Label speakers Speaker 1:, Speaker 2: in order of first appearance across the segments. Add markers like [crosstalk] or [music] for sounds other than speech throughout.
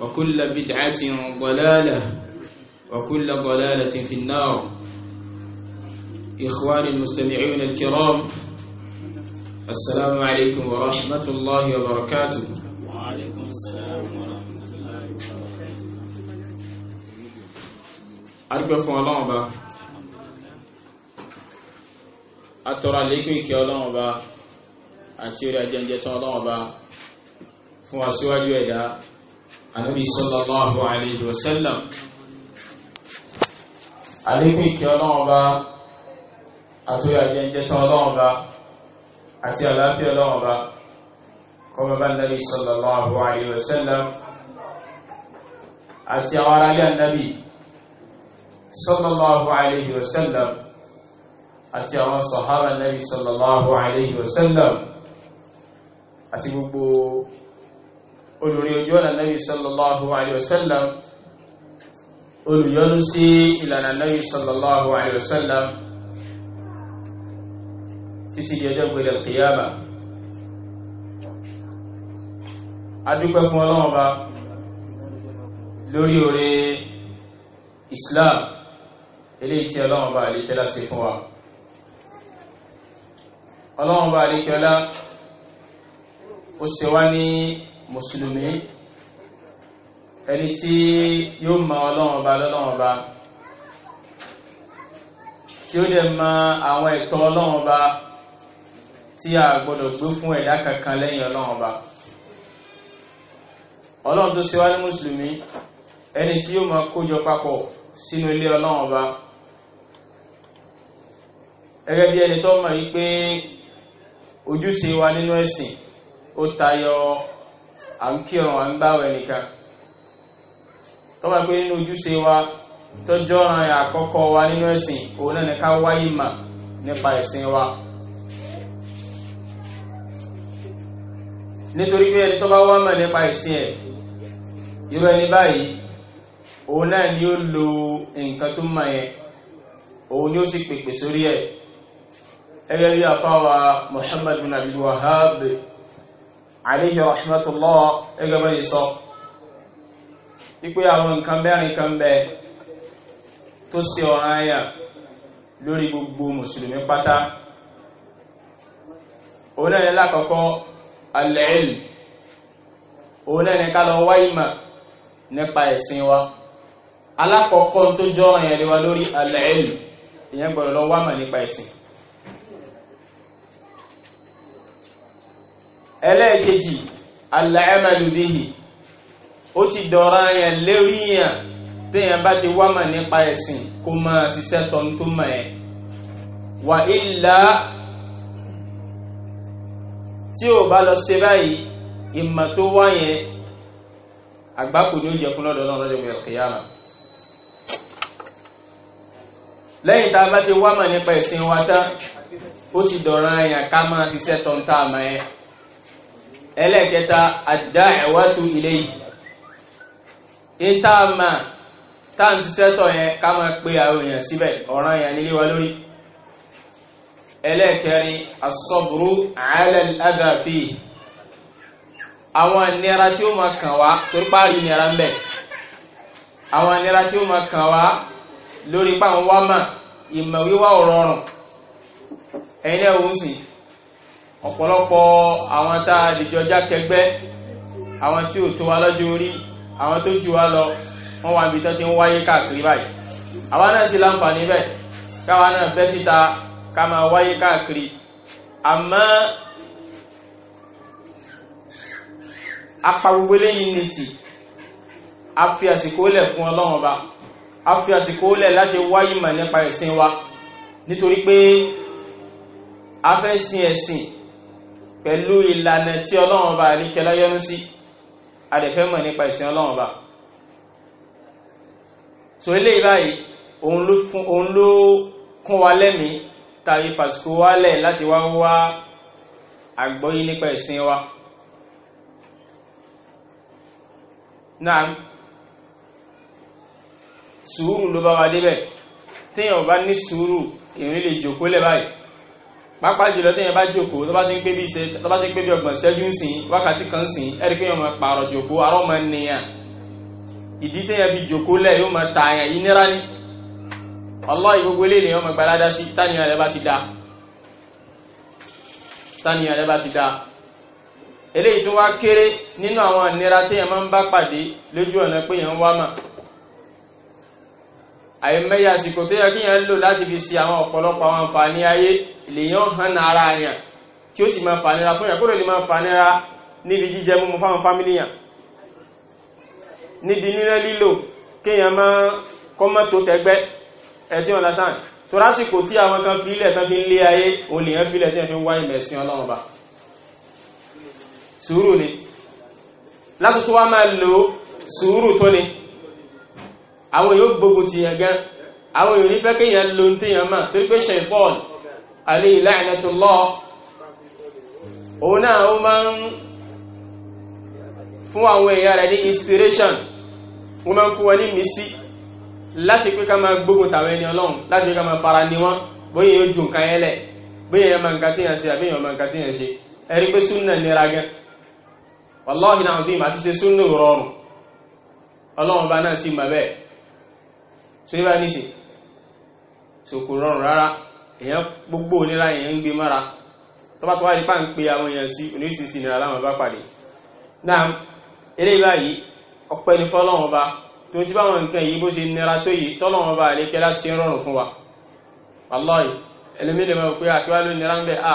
Speaker 1: وكل بدعة ضلالة وكل ضلالة في النار إخواني المستمعون الكرام السلام عليكم ورحمة الله وبركاته وعليكم السلام ورحمة الله وبركاته أرجو فوالله با أترى لكم الله با أترى جنجة الله با فواسواجو Ànábì sallallahu alayhi wa sallam àlékún ìkẹ́ ọlọ́run bá àtúrí àjẹjẹta ọlọ́run bá àti àlàáfíà ọlọ́run bá kọmọ bá Ànábì sallallahu alayhi wa sallam àti àwọn aráyà Ànábì sallallahu alayhi wa sallam àti àwọn sàhábà Ànábì sallallahu alayhi wa sallam àti gbogbo olùrin ojú ọ̀nà nàbí sallallahu alayhi wa sallam olùyọnu sí ìlànà nàbí sallallahu alayhi wa sallam títí di ọjọ́ gbèrè kìyàmà adúpẹ́ fún ọlọ́run ba lórí oore islam eléyìí tí ọlọ́run ba àlítẹ́lá sí fún wa ọlọ́run ba àlítẹ́lá ó ṣe wá ní mùsùlùmí ẹni tí yóò mọ ọlọ́run ọba lọ́lọ́run ọba tí ó dẹ̀ mọ àwọn ẹ̀tọ́ ọlọ́run ọba tí a gbọ́dọ̀ gbé fún ẹ̀dá kankan lẹ́yìn ọlọ́run ọba ọlọ́run tó ṣe wá ní mùsùlùmí ẹni tí yóò máa kójọ papọ̀ sínú ilé ọlọ́run ọba gẹ́gẹ́ bí ẹni tó mọ̀ wípé ojúṣe wa nínú ẹ̀sìn ó tayọ à ń kírun à ń gbáwẹ̀ nìkan tó wà pé nínú ojúṣe wa tọ́jọ́ ọ̀ràn àkọ́kọ́ wa nínú ẹ̀sìn òun náà ní wáyé mà nípa ẹ̀sìn wa nítorí pé ẹni tó bá wá mà nípa ẹ̀sìn ẹ̀ irú ẹni báyìí òun náà ni ó lo nǹkan tó yẹn òun ni Alihi wa rahmatulah ɛ gabayi so iku ya ɔn kanbe to seɔ ha ya lori gbogbo musulmi kpata ɔnene la kɔkɔɔ ala yel ɔnene ka ɔnwa yi ma ne kpaa isenwa ala kɔkɔɔ to jɔɔrɔn yelwa lori ala yel ɔnye gbɔɔdɔɔ ɔnwa ma nipa esin ẹlẹ́ẹ̀kejì aláẹ́màlúdéhì ó ti dọ̀ra yẹn lérí yẹn téèyàn bá ti wámà nípa ẹ̀sìn kó máa ṣiṣẹ́ tọ́n tó mọ̀ ẹ́ wà ilà tí ò bá lọ ṣe báyìí ìmọ̀ tó wá yẹn àgbákò ni ó jẹ fún lọ́dọ̀ náà lọ́dọ̀ ìyàmà lẹ́yìn tá a bá ti wámà nípa ẹ̀sìn wa tán ó ti dọ̀ra yẹn ká máa ṣiṣẹ́ tọ́n tá ẹlẹ́ẹ̀kẹta ad-da'watu ilayhi ìtààmà táà ń ṣiṣẹ́ tọ̀ yẹn ká máa pé àwọn èèyàn síbẹ̀ ọ̀ràn yẹn nílé wa lórí ẹlẹ́ẹ̀kẹrin as-sabru 'ala al-adha fihi àwọn ìnira tí ó máa kàn wá torí páàrí ìnira ń bẹ àwọn ìnira tí ó máa kàn wá lórí páàwọn wá mà ìmọ̀ wíwá ọ̀rọ̀ ọ̀rùn ẹ̀yin náà wọ́n sìn ọ̀pọ̀lọpọ̀ àwọn tá a dìjọ jákẹgbẹ́ àwọn tí ò tó wa lọ́jọ́ orí àwọn tó jù wá lọ wọ́n wà níbi tó ti ń wáyé káàkiri báyìí àwa náà sì láǹfààní bẹ́ẹ̀ káwa náà bẹ́ síta ká máa wáyé káàkiri àmọ́ apá gbogbo eléyìí ní tì a fi àsìkò lẹ̀ fún ọlọ́run ọba a fi àsìkò lẹ̀ láti wáyé mọ̀ nípa ẹ̀sìn wa nítorí pé a fẹ́ sin ẹ̀sìn pẹ̀lú ìlànà tí ọlọ́run bá àríkẹlá yọ́nú sí adẹ̀fẹ́ mọ̀ nípa ìsìn ọlọ́run bá so ilé ìbáyìí òun ló kún wa lẹ́mí tàbí fàsìkò wálẹ̀ láti wá wá àgbọ́yé nípa ìsìn wa náà sùúrù ló bá wa débẹ̀ téèyàn bá ní sùúrù èèyàn lè jòkó lẹ́ báyìí pàápàá jùlọ tẹ́yìn bá jòkó tó bá ti ń pé bí iṣẹ́ tó bá ti ń pé bí ọgbọ̀n ṣẹ́jú ń sìn wákàtí kan sìn ẹ̀rí pé pààrọ̀ jòkó arọ́ ìdí ta àyàn yìí nira ní ọlọ́ ìgbogbo ilé ènìyàn máa gbalada sí tánìyàn rẹ̀ bá ti da tánìyàn rẹ̀ bá ti da eléyìí tó wá kéré nínú àwọn ìnira tẹ́yìn máa ń bá pàdé lójú ọ̀nà pé yẹn wá lèyàn hàn ara yàn tí ó sì máa fànira fún yàn kó lè máa fànira níbi jíjẹ múmu fáwọn fámílì yàn níbi nílẹ̀ lílò kéèyàn máa kọ́mọ́ tó tẹ́gbẹ́ ẹ̀tí ọ̀nà sáà tó lásìkò tí àwọn kan fi ilẹ̀ kan fi lé ayé òun lèyàn fi ilẹ̀ tí wọ́n fi ń wá ọlọ́run ba ni látútú wá máa lò sùúrù tó ni àwọn yóò gbógun ti yàn gan àwọn yóò nífẹ̀ẹ́ kéèyàn alayhi la'natullah òun náà ó máa ń fún àwọn èèyàn rẹ̀ ní inspiration wọ́n máa ń fún wọn ní mísí láti pé ká máa gbógun tàwọn ẹni ọlọ́run láti ká máa fara ní wọn bóyá yóò ju nǹkan ya bóyá yẹn máa nǹkan téèyàn ṣe àbí èèyàn máa nǹkan téèyàn ṣe ẹ̀rí na súnà nira ti èèyàn gbogbo onira èèyàn ń gbé mọ́ra tó bá tó wá nípa ń pe àwọn èèyàn sí oníṣìṣì nira láwọn bá pàdé náà eléyìí báyìí ọpẹ́ ni fọ́lọ́run ọba tó ti báwọn nǹkan yìí bó ṣe nira tó yìí tọ́lọ́run ọba àlékẹ́ láti ṣe rọrùn fún wa wàlọ́ọ̀yì ẹlẹ́mìlẹ́ mọ̀ pé àkíwá ló nira ń bẹ à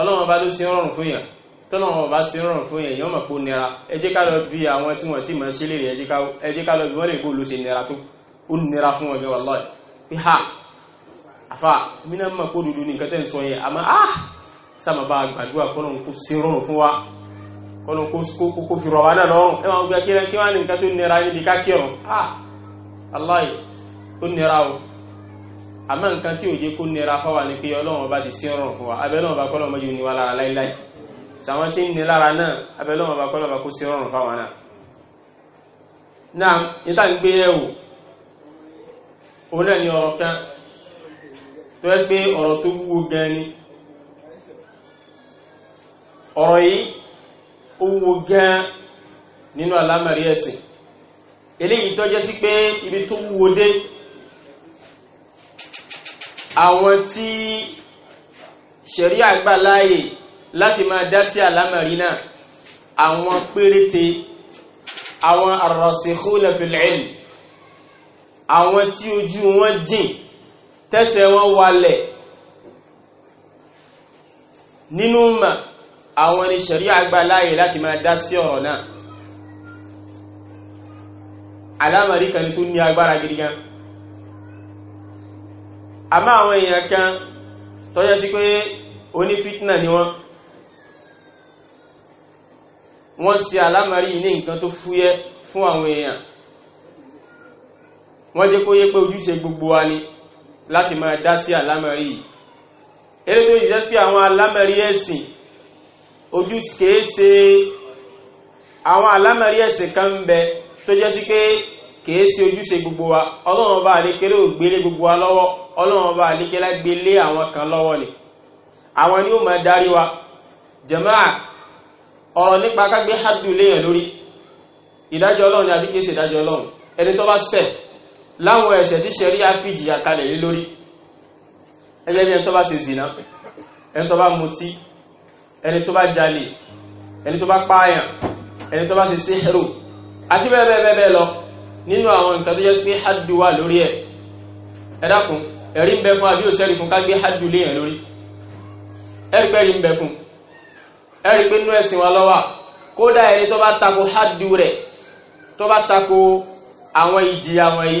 Speaker 1: ọlọ́run ọba ló ṣe rọrùn fún yàn tọ́lọ́run ọba ṣe rọrùn fún yàn yàn mọ̀ pé ó nira ẹ jẹ́ ká lọ bí àwọn tí wọ́n ti mọ̀ sílẹ̀ ẹ jẹ́ ká lọ bí wọ́n lè kó ló ṣe nira tó ó nira fún wọn gẹ́ wàlọ́ọ̀yì pé ha àfà mina mọ̀ kó dúdú ní nǹkan tẹ́ ń sọ yẹn àmọ́ ah, á sáàmà bá gbàdúrà kọ́nà kó sí rọrùn fún wa kọ́nà kó fi rọ̀ wá náà lọ́rùn ẹ wọn gbé kíra kí wọn ní nǹkan tó nira níbi ká kírun á ah, aláì ó nira o àmọ́ nǹkan tí ò kó nira fáwa ni pé ọlọ́run ọba ti sí rọrùn fún wa abẹ́lọ́run ọba kọ́nà ọmọ yìí ní wa lára láíláí sàwọn tí ń ní lára náà abẹ́lọ́run ọba kọ́nà ọba kó sí rọrùn fáwa náà náà níta ń gbé òun náà ni ọ̀rọ̀ kan tó ẹ́sì pé ọ̀rọ̀ tó wúwo gan ni ọ̀rọ̀ yìí ó wúwo gan nínú alámẹ̀rí ẹ̀sìn eléyìí tó jẹ́ sí pé ibi tó wúwo dé àwọn tí ṣẹ̀ríà gbà láàyè láti máa dá sí alámẹ̀rí náà àwọn péréte àwọn ar-rasikhuna àwọn tí ojú wọn jìn tẹ́sẹ̀ wọn walẹ̀ nínú mà àwọn ni ṣẹ̀ríà gbà láàyè láti máa dá sí ọ̀rọ̀ náà alámàrí kan tó ní agbára gidi gan àmọ́ àwọn èèyàn kan tọ́jọ́ sí pé oní fitna ni wọ́n wọ́n ṣe alámàrí ní nǹkan tó fúyẹ́ fún àwọn èèyàn wọ́n jẹ́ kó yé pé ojúṣe gbogbo wa ni láti máa dá sí àlámọ̀rí yìí eré tó jẹ́ sí àwọn àlámọ̀rí ẹ̀sìn ojú kìí ṣe àwọn àlámọ̀rí ẹ̀sìn kan ń bẹ tó jẹ́ sí pé kìí ṣe ojúṣe gbogbo wa ọlọ́run bá àlékéré ò gbélé gbogbo wa lọ́wọ́ ọlọ́run bá àlékéré gbélé àwọn kan lọ́wọ́ ni àwọn ni ó máa darí wa jàmáà ọ̀rọ̀ nípa kágbé hádùn léèyàn lórí ìdájọ́ ọlọ́run ni àbí ìdájọ́ ọlọ́run ẹni tó bá ṣẹ̀ láwọn ẹ̀ṣẹ̀ tí ṣẹ̀rí á fi jìyà kalẹ̀ lé lórí ẹgbẹ́ bí ẹni tó bá ṣe zìnà ẹni tó bá mutí ẹni tó bá jalè ẹni tó bá pààyàn ẹni tó bá ṣe síhìrù àti bẹ́ẹ̀ bẹ́ẹ̀ bẹ́ẹ̀ lọ nínú àwọn nǹkan tó jẹ́ pé haddu wà lórí ẹ̀ ẹ dákun ẹ̀rí ń bẹ fún àbí òṣèré fún ká gbé haddu léèyàn lórí ẹ̀rí pẹ́ẹ́rí ń bẹ fún ẹ̀rí pé nínú ẹ̀sìn wa lọ́wà kódà ẹni tó bá tako haddu rẹ̀ tó bá tako àwọn ìjìyà wọ̀nyí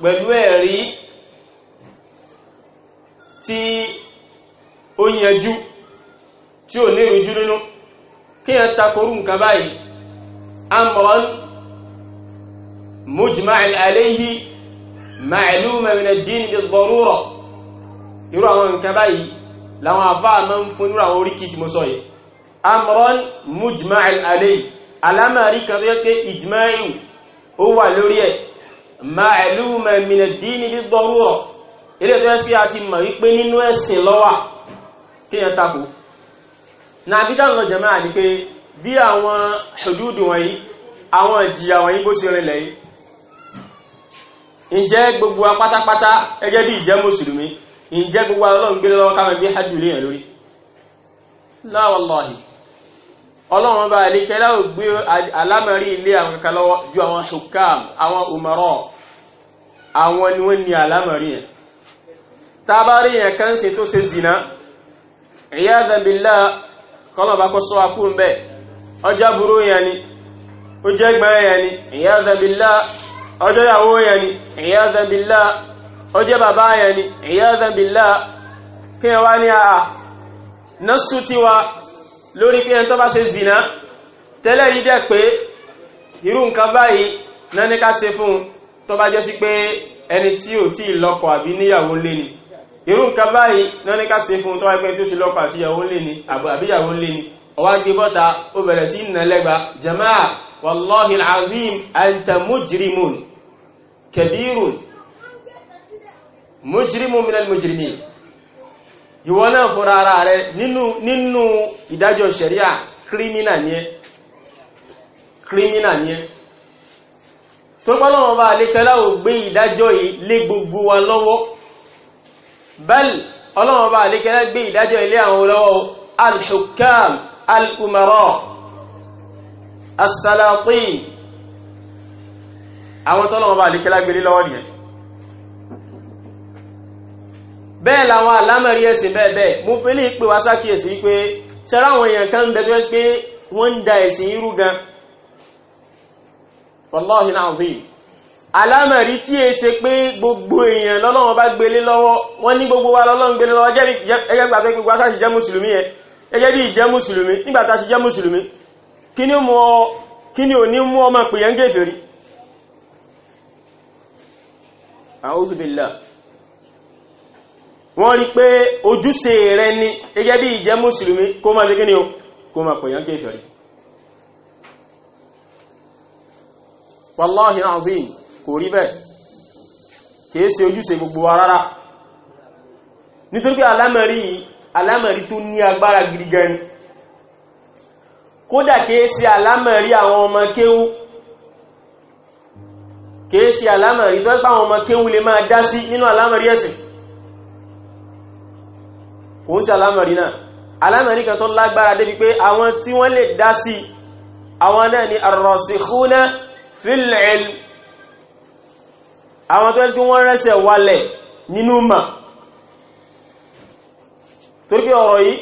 Speaker 1: pẹ̀lú ẹ̀rí tí ó yanjú tí ò ní ìrújú nínú kí yẹn takorú nǹkan báyìí amran mujma'in alayhi ma'luman min ad-din bid-darura irú àwọn nǹkan báyìí láwọn àfáà mọ́ fún irú àwọn oríkì tí mo sọ yìí amran alámàrí kan tó yẹ pé ìjmá'in ó wà lórí ẹ̀ ma'luman min ad-din bid-darura ilé tó ẹ́sì àti mọ̀ wípé nínú ẹ̀sìn lọ́wà kíyàn tako na abidá lọ jẹ́ máa ní pé bí àwọn hududu wọ̀nyí àwọn ìjìyà wọ̀nyí bó ṣe rìnlẹ̀ yìí ǹjẹ́ gbogbo apátápátá ẹgẹ́ bí ìjẹ́ mùsùlùmí ǹjẹ́ gbogbo ọlọ́run gbé lọ́wọ́ káwọn gbé hajjú léyàn lórí la wallahi ọlọ́run bá ilé kẹ́lá ò gbé alámẹ́rí ilé àwọn kakalọ́wọ́ ju àwọn hukam àwọn umarọ́ àwọn ni wọ́n ní àlámọ̀rí yẹn kan sí tó ṣe zina iyadha billah kọlọ̀bá kó sọ akú ń bẹ́ ọjọ́ burú yẹn ni ó jẹ́ gbọ́n yẹn ni iyadha billah ọjọ́ ìyàwó yẹn ni iyadha billah ọjọ́ bàbá yẹn ni kí wá ní wa lórí pé tó zina tẹ́lẹ̀ yìí jẹ́ pé irú nǹkan báyìí náà ní ká ṣe fún un tó bá jẹ́ sí pé ẹni tí ò tí lọ́kọ àbí níyàwó lé ni irú nǹkan báyìí náà ní ká ṣe fún tó wá pé tó ti lọ́kọ àti ìyàwó lé ni àbíyàwó lé ni ọwá gbé bọ́ta ó bẹ̀rẹ̀ sí ìnàlẹ́gba jama'a wallahi alazim anta mujrimun mujrimun minal mujrimin ìwọ náà fúnra ara rẹ nínú nínú ìdájọ́ ṣẹ̀ríà kírímínà ni ẹ́ tó pọ́lọ́wọ́n bá alékẹ́lá ò gbé ìdájọ́ yìí lé gbogbo wa lọ́wọ́ bẹ́ẹ̀lì ọlọ́wọ́n bá alékẹ́lá gbé ìdájọ́ ilé àwọn olówó al-hukam al-umara as-salatin àwọn tọ́lọ́wọ́n bá alékẹ́lá gbé lé nìyẹn wàláhì láàrín alámẹ̀rí tí è ṣe pé gbogbo èèyàn lọ́lọ́wọ́n bá gbélé lọ́wọ́ wọ́n ní gbogbo wa lọ́lọ́wọ́n gbélé lọ́wọ́ gẹ́gẹ́ gbà pé gbogbo aṣáṣì jẹ́ mùsùlùmí ẹ gẹ́gẹ́ bí ìjẹ́ mùsùlùmí nígbàtà ṣe jẹ́ mùsùlùmí kí ni ò ní mú ọmọ pèyàn gẹ́gẹ́rí A'udhu billah wọ́n rí pé ojúṣe rẹ ni gẹ́gẹ́ bí ìjẹ́ mùsùlùmí kó máa ṣe kí ni o kó máa pèyàn gẹ́gẹ́rí wallahi azim kò rí bẹ́ẹ̀ kìí ṣe ojúṣe gbogbo wa rárá nítorí pé alámẹ̀rí alámẹ̀rí tó ní agbára gidi gan ni kódà kìí ṣe alámẹ̀rí àwọn ọmọ kéwú kìí ṣe alámẹ̀rí tó pé àwọn ọmọ kéwú lè máa dá sí nínú alámẹ̀rí ẹ̀sìn kò ń ṣe alámẹ̀rí náà alámẹ̀rí kan tó lágbára débi pé àwọn tí wọ́n lè dá sí àwọn náà ni ar-rasikhuna fílẹ̀ẹ́lì àwọn tó ẹ́sì wọ́n rẹ́sẹ̀ wálẹ̀ nínú mà torí pé ọ̀rọ̀ yìí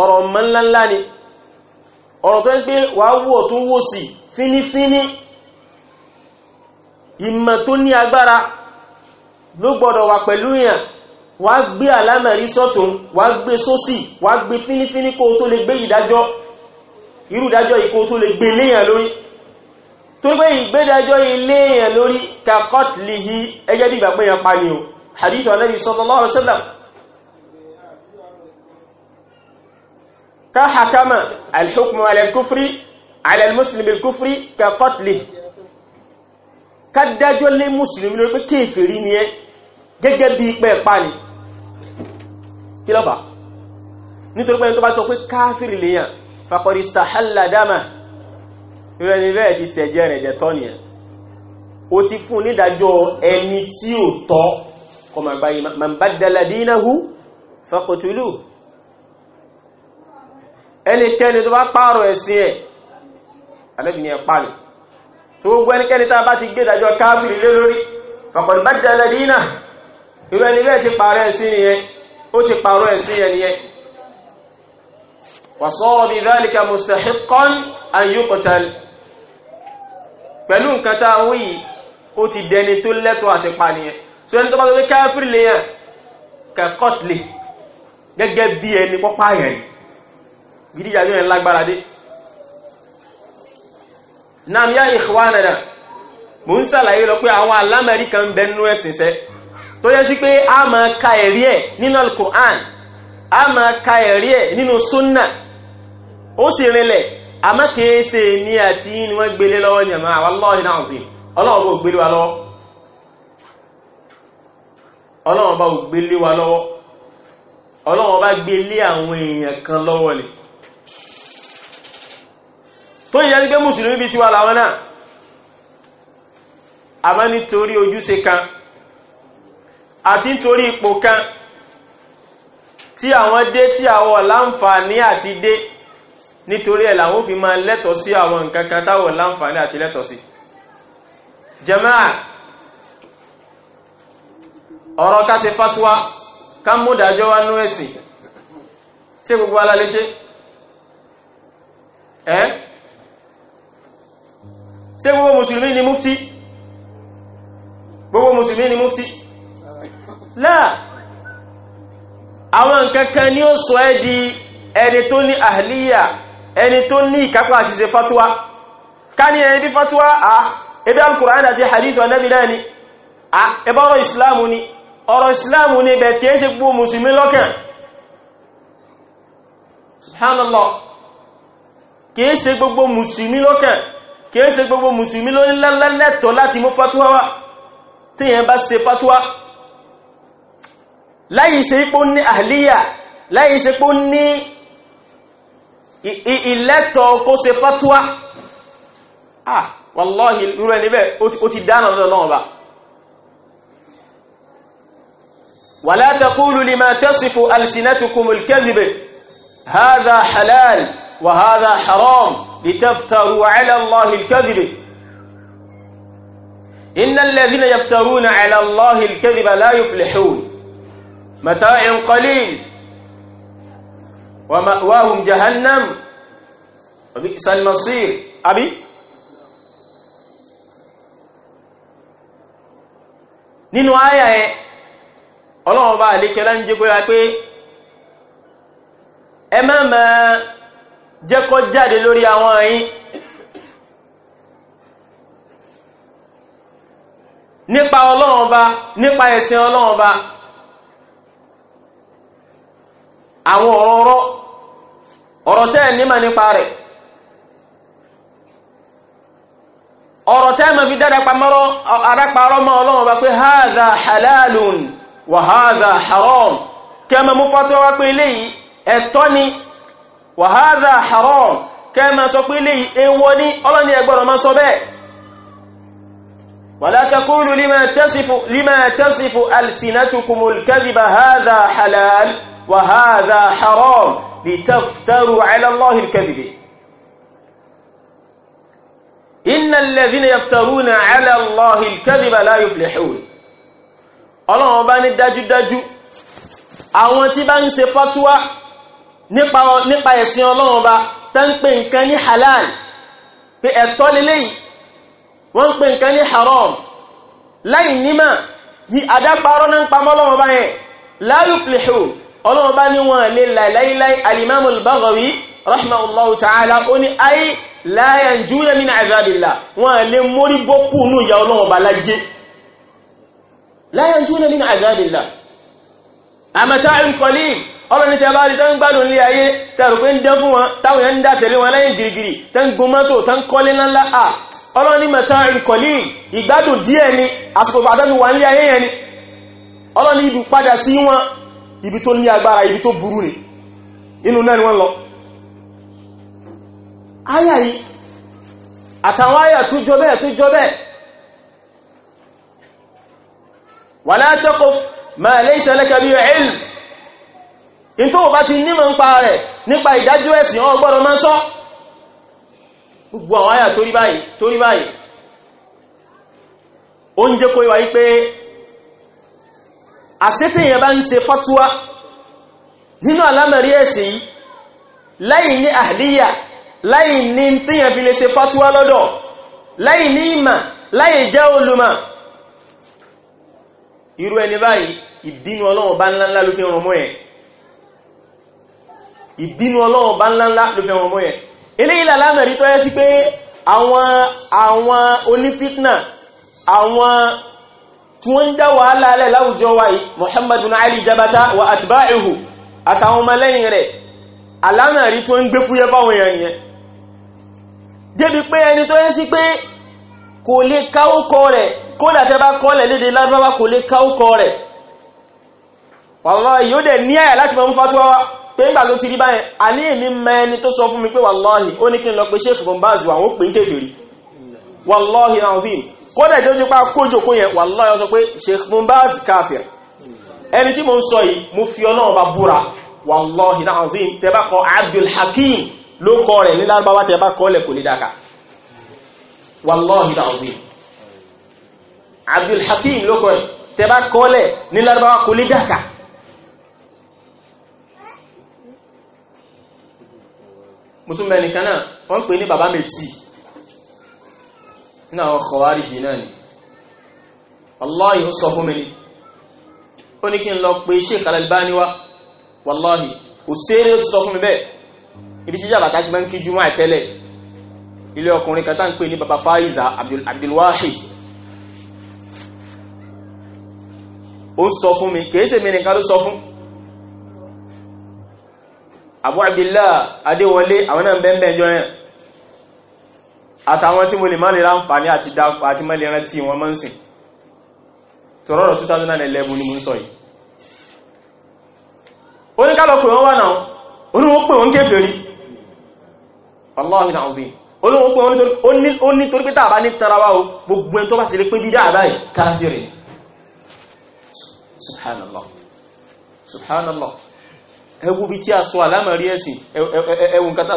Speaker 1: ọ̀rọ̀ mọ́nlá ni ọ̀rọ̀ tó ẹ́sì pé wà wò tó wò sí fínífíní ìmọ̀ tó ní agbára ló gbọ́dọ̀ wà pẹ̀lú yàn wà gbé àlámẹ̀rí sọ́tún wà gbé sósì wà gbé fínífíní kó tó lè gbé ìdájọ́ irú ìdájọ́ tó lè gbé léyàn lórí torí pé ìgbédájọ́ ilé èèyàn lórí kakọ́tìlìhì ẹgẹ́ bí ìgbàgbé yẹn pani o hadith Ànábì sallallahu alaihi wasallam ka hakama alhukmu ala alkufri ala almuslim bilkufri kakọ́tìlìhì ká dájọ́ lé mùsùlùmí lórí pé kéfèrí ni ẹ gẹ́gẹ́ bí ipẹ́ pani kí nítorí pé ẹni tó bá sọ pé káfìrì lèèyàn faqad istahalla irú ẹni bẹ́ẹ̀ ti sẹ̀jẹ̀ rẹ̀ jẹ́ tọ́ nìyẹn ó ti fún nídàjọ́ ẹni tí ò tọ́ kọ ma gbáyé man baddala dinahu faqtulu ẹnikẹ́ni tó bá pààrọ̀ ẹ̀sìn ẹ̀ alẹ́bìnrin ẹ̀ pààlù tó gbogbo ẹnikẹ́ni tá bá ti gbé ìdájọ́ káfìrí lé lórí faqad baddala dinahu pẹ̀lú nǹkan tá ń wí ó ti dẹni tó lẹ́tọ̀ọ́ àti pànìyàn so ẹni tó bá gbé káfírí lèyàn kẹkọ́tìlẹ̀ gẹ́gẹ́ bí ẹni pọ́pá yẹn gidijajo yẹn lágbára dé nam ya ikhwanana mo ń sàlàyé lọ pé àwọn alámẹ́rí kan bẹnu ẹ̀sìn sẹ́ tó yẹ sí pé a máa ka ẹ̀rí ẹ̀ nínú al-Qur'an a máa ka ẹ̀rí ẹ̀ nínú sunna ó sì rinlẹ̀ àmọ́ kìí ṣe ní àti ní wọ́n gbélé lọ́wọ́ ní àmà wallahi alazim ọlọ́run bó gbélé wa lọ́wọ́ ọlọ́run bá gbélé wa lọ́wọ́ ọlọ́run bá gbélé àwọn èèyàn kan lọ́wọ́ ni tó yẹ ní pé mùsùlùmí bí ti wà láwọn nítorí ojúṣe kan àti nítorí ipò kan tí àwọn dé tí àwọn láǹfààní àti dé nítorí ẹ̀ làwọn fi máa lẹ́tọ̀ sí àwọn nǹkan kan táwọn láǹfààní àti lẹ́tọ̀ sí jama'a ọ̀rọ̀ ká ṣe fatuwa ká mú dájọ́ wá nú ẹ̀sìn sí gbogbo alálẹ́ṣẹ́ ẹ́ sí gbogbo mùsùlùmí ni mufti gbogbo mùsùlùmí ni mufti láà àwọn nǹkan kan ni ó sọ ẹ́ di ẹni tó ní àhìlíyà ẹni tó ní ìkápá àti ṣe fatuwa ká ní ẹni bí fatuwa a ebi al-Qur'an àti hadith wa nabi náà ni a ẹbá ọ̀rọ̀ islamu ni ọ̀rọ̀ islamu ni bẹ̀ kí é ṣe gbogbo musulmi lọ́kàn subhanallah kí é ṣe gbogbo musulmi láyìí ṣe ipò ní àhìlíyà láyìí ṣe ipò ní ìlẹ́tọ̀ kó ṣe fatuwa ah wallahi irú ẹni bẹ́ẹ̀ ó ti dáná lọ́dọ̀ náà bá wala taqulu lima tasifu alsinatukum alkadhib hadha halal wa hadha haram litaftaru ala allahi alkadhib innal ladhina yaftaruna ala allahi wa ma'wahum jahannam wa bi'sal masir àbí nínú àyà ẹ ọlọ́run bá àlékẹ́lá ń jẹ́ kó yá pé ẹ mẹ́mẹ́ jẹ́ kó jáde lórí àwọn yín nípa ọlọ́run bá nípa ẹ̀sìn ọlọ́run bá àwọn ọ̀rọ̀ ọ̀rọ̀ tẹ́ nímọ̀ nípa rẹ̀ ọ̀rọ̀ tẹ́ ma fi dáraparọ́ mọ́ ọlọ́run bá pé haza halalun wa haza haram kẹma mú fọ́tọ́ wá pé ilé yìí ẹ̀tọ́ ni wa haza haram kẹma sọ pé ilé yìí ewọ ní ọlọ́ni ẹgbọ́rọ̀ ma sọ bẹ́ẹ̀ ولا تقولوا لما تصف لما تصف ألسنتكم الكذب هذا حلال وهذا حرام لتفتروا على الله الكذب إن الذين يفترون على الله الكذب لا يفلحون ọlọ́run bá ní dájúdájú àwọn tí bá ń ṣe fọ́túwá nípa ẹ̀sìn ọlọ́run bá tán pè nǹkan ní halal pé ẹ̀tọ́ lélẹ́yìí wọ́n pè nǹkan ní haram láì nímà yí adáparọ́ ní pamọ́lọ́run bá yẹn la yuflihun ọlọ́run bá ní wọn lè láìláìláì alimamu al-Baghawi rahimahullahu ta'ala ó ní ayé láyàn júlẹ̀ nínú àzábìlá wọn lè mórí gbókù nú ìyà ọlọ́run bá láyé láyàn júlẹ̀ nínú àzábìlá àmàtàrin kọlíìm ọlọ́ni tẹ bá rí tán gbádùn lé ayé tẹrù pé ń dán fún wọn táwọn yẹn ń dá tẹ̀lé wọn lẹ́yìn gìrìgìrì tán gun mọ́tò tán kọ́lé ńláńlá ni àsìkò padà sí wọn ibi tó ní agbára ibi tó burú ni inú náà ni wọ́n lọ áyà yìí àtàwọn áyà tó jọ bẹ́ẹ̀ tó jọ bẹ́ẹ̀ wala taqfu ma laysa laka bihi ilm in tó bá ti nímọ̀ ń pa rẹ̀ nípa ìdájọ́ ẹ̀sìn o gbọ́dọ̀ máa sọ gbogbo àwọn áyà tó rí báyìí tó kó ìwà yí pé àṣẹ́tẹ̀yàn bá ń ṣe fọ́túwá nínú alámẹ̀rí ẹ̀sìn yìí láì ní àdíyà láì ní tíyàn fi lè ṣe fọ́túwá lọ́dọ̀ láì ní ìmà láì jẹ́ olùmọ̀ irú ẹni báyìí ìbínú ọlọ́run bá ńláńlá ló fi rọmọ ẹ̀ ìbínú ọlọ́run bá ńláńlá ló fi rọmọ ẹ̀ tí wọ́n ń dá wàhálà alẹ́ láwùjọ wa yìí muhammadu ali jabata wa atba'uhu àtàwọn ọmọlẹ́yìn rẹ̀ alámẹ̀rí tó ń gbé fúyẹ́ fáwọn èèyàn yẹn débi pé ẹni tó yẹn sí pé kò lè káwókọ rẹ̀ kódà tẹ́ bá kọ́lẹ̀ léde lárúbáwá kò lè káwókọ rẹ̀ wàláhì yóò dẹ̀ ní àyà láti mọ̀ fatuwa wa pé nígbà tó ti rí báyẹn a ní èmi mọ ẹni tó sọ fún mi pé wàláhì ó ní kí n lọ pé sheikh bombaz wà wọ́n pè ń kéfèrí fíìmù kódà tó nípa kójòkó yẹn wallahi ó sọ pé Sheikh Mumbaz káfíà ẹni tí mo ń sọ yìí mo fi ọlọ́run bá búra wallahi alazim tẹ́bá kọ Abdul Hakim ló kọ rẹ̀ ní lárúbáwá tẹ́bá kọ́ lẹ̀ kò ní dáka wallahi alazim Abdul Hakim ló kọ lẹ̀ kò ní dáka mo tún bẹ nìkan wọ́n pè ní baba méjì náà àwọn kọ̀wárìjì náà ni wallahi ó sọ fún mi ni ó ní kí n lọ pé Sheikh Al-Albani wá wallahi kò séré ó ti sọ fún mi bẹ́ẹ̀ ibi tí jàbàtà ti máa ń kí jùmọ́ àtẹ́lẹ̀ ilé ọkùnrin kan ń pè ní baba Faiza Abdulwahid ó sọ fún mi kìí ṣe mi nìkan ló sọ fún Abu Abdillah Adéwọlé àwọn náà bẹ́ẹ̀ bẹ́ẹ̀ jọ yẹn àtàwọn tí mo lè máa lè ráǹfàní àti dápò àti mẹ́lẹ̀ rántí wọn mọ́ sí tọ̀rọ̀rọ̀ 2011 ni mo ń sọ yìí oníkálọ̀kù wọn wà náà oníwọ́n pè wọ́n kéfèrí Allahi na'udhi olóhun pé ó ní torí pé tàbá ní tarawa o pé bí dáadáa yìí káfíìrì subhanallah subhanallah ẹwú bí tí a sọ alámàrí ẹ̀sìn ẹwù nǹkan tá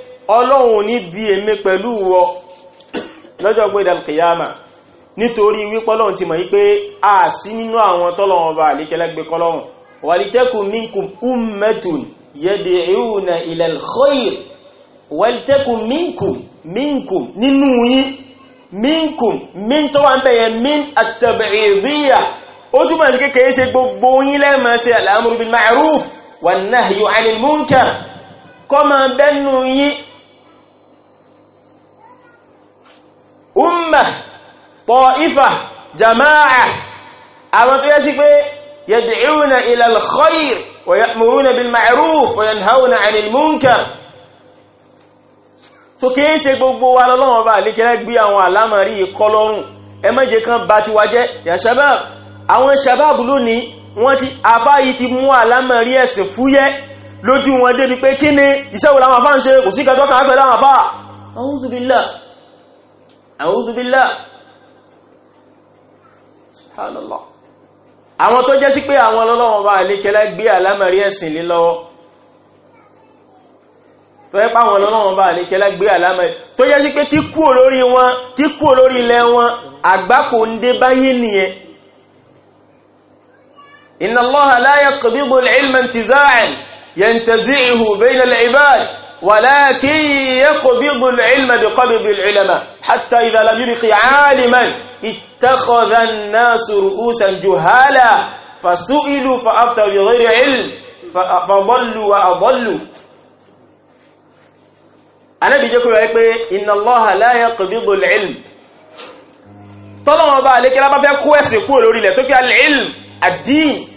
Speaker 1: ọlọ́run ní bí èmi pẹ̀lú wọ lọ́jọ́ gbé dàlkìyàmà nítorí wípé ọlọ́run ti mọ̀ yí pé a sí nínú àwọn tọ́lọ́run bá àlékẹ́lẹ́gbẹ́ kọ́lọ́run walitakun minkum ummatun yad'una ila al-khayr walitakun minkum minkum nínú yín minkum min tó wà ń bẹ̀yẹ min at ó túmọ̀ sí kékeré ṣe gbogbo yín lẹ́ẹ̀mọ́ sí al-amru bil ma'ruf wan nahyu 'anil munkar bẹ́nu yín umma ta'ifa jama'a àwọn tó yẹ sí pé yad'una ila al-khayr wa ya'muruna bil ma'ruf wa yanhauna 'anil munkar so kìí ṣe gbogbo wa lọ́lọ́wọ́n bá àlékẹ́lẹ́ gbé àwọn àlámọ̀rí ikọ́ lọ́rùn ẹ má jẹ́ kan bá ti wá jẹ́ yà shabab àwọn shabab lónìí wọ́n ti àbá ti mú àlámọ̀rí ẹ̀sìn fúyẹ́ lójú wọn débi pé kí ni iṣẹ́ wo làwọn afá ń ṣe kò sí kẹjọ́ kan pẹ̀lú àwọn afá a'udhu billah A'udhu billah subhanallah àwọn tó jẹ́ sí pé àwọn ọlọ́wọ́n bá àlékẹ́lá gbé àlámàrí ẹ̀sìn lé lọ́wọ́ tó yẹ pàwọn ọlọ́wọ́n bá àlékẹ́lá gbé àlámàrí tó jẹ́ sí pé kíkú olórí wọn kíkú olórí ilẹ̀ wọn àgbákò ń dé báyé nìyẹn inna Allaha ولكن يقبض العلم بقبض العلماء حتى إذا لم يبق عالما اتخذ الناس رؤوسا جهالا فسئلوا فأفتوا بغير علم فضلوا وأضلوا أنا بيجيكم يقول إن الله لا يقبض العلم طالما بقى لك لا بفيا كويس يقول لوري لا العلم الدين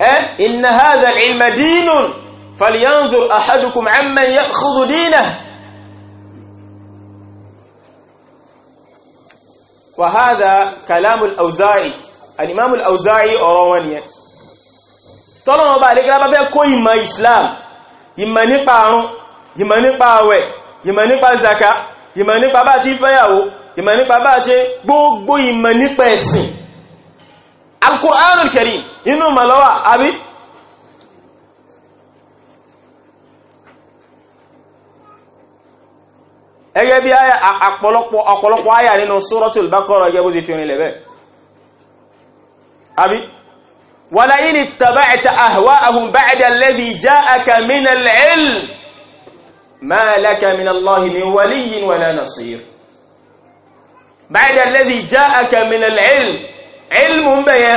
Speaker 1: إيه؟ إن هذا العلم دين فلينظر أحدكم عمن يأخذ دينه وهذا كلام الأوزاعي الإمام الأوزاعي أروانيا tọ́lọ́wọ́ bá àríkà bá bẹ́ kó ìmọ̀ islam ìmọ̀ nípa àrùn ìmọ̀ nípa àwẹ̀ ìmọ̀ nípa zaka ìmọ̀ nípa bá ti fẹ́yàwó ìmọ̀ nípa bá ṣe gbogbo ìmọ̀ nípa ẹ̀sìn Al-Qur'anul Karim inú mọ̀lọ́wà àbí ẹgẹ́ bí ọ̀pọ̀lọpọ̀ àyà nínú Suratul Baqara ẹgẹ́ bó ti fi orin lẹ̀bẹ̀ àbí wala in ittaba'ta ahwa'ahum ba'da alladhi ja'aka minal ilm ma laka minallahi min waliyyin wala nasir ba'da alladhi ja'aka minal ilm ilmu ń bẹ̀yẹ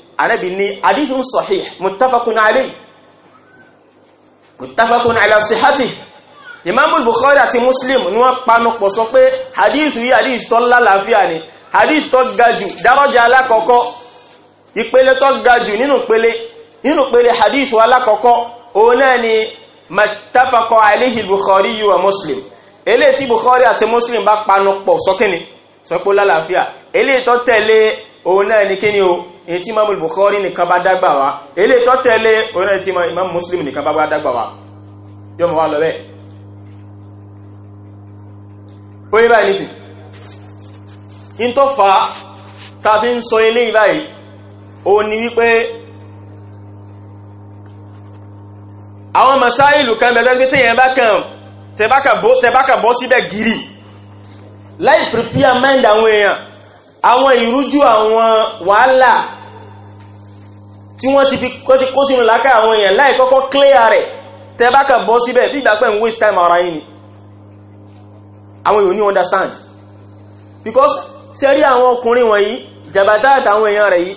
Speaker 1: Ànábì ní hadithun sahih muttafaqun alayhi muttafaqun ala sihhatihi Imam Bukhari àti Muslim ni wọ́n panupọ̀ sọ pé hadith yìí hadith tó lálàáfíà ni hadith tó gajù dárọ́jà alákọ̀ọ́kọ́ ìpele tó gajù nínú pele nínú pele hadith alákọ̀ọ́kọ́ òun náà ni muttafaqun alayhi Bukhari wa Muslim eléyìí tí Bukhari àti Muslim bá panupọ̀ sọ kíni sọ pé lálàáfíà eléyìí tó tẹ̀lé òun náà ni o èyí tí imam bukhari nìkan bá dágbà wá èlé tó tẹ̀lé òun náà tí imam muslim nìkan bá dágbà wá yóò mọ̀ wá lọ bẹ́ẹ̀ ó yí báyìí nísìn in tó fa tàbí ń sọ ilé ìbáyìí òun ni wípé àwọn masáìlù kan bẹ̀rẹ̀ pé tẹ́yẹn bá kàn tẹ́bákà bọ́ síbẹ̀ gírí láì prepare mind àwọn èèyàn àwọn ìrújú àwọn wàhálà tí wọ́n ti fi kó sínú láká àwọn èèyàn láì kọ́kọ́ clear rẹ̀ tẹ́ bá kà bọ́ síbẹ̀ tí ìgbà pé ń waste time ara yìí ni àwọn èèyàn ní understand because ṣe rí àwọn ọkùnrin wọ̀nyí jàbátá àtàwọn èèyàn rẹ̀ yìí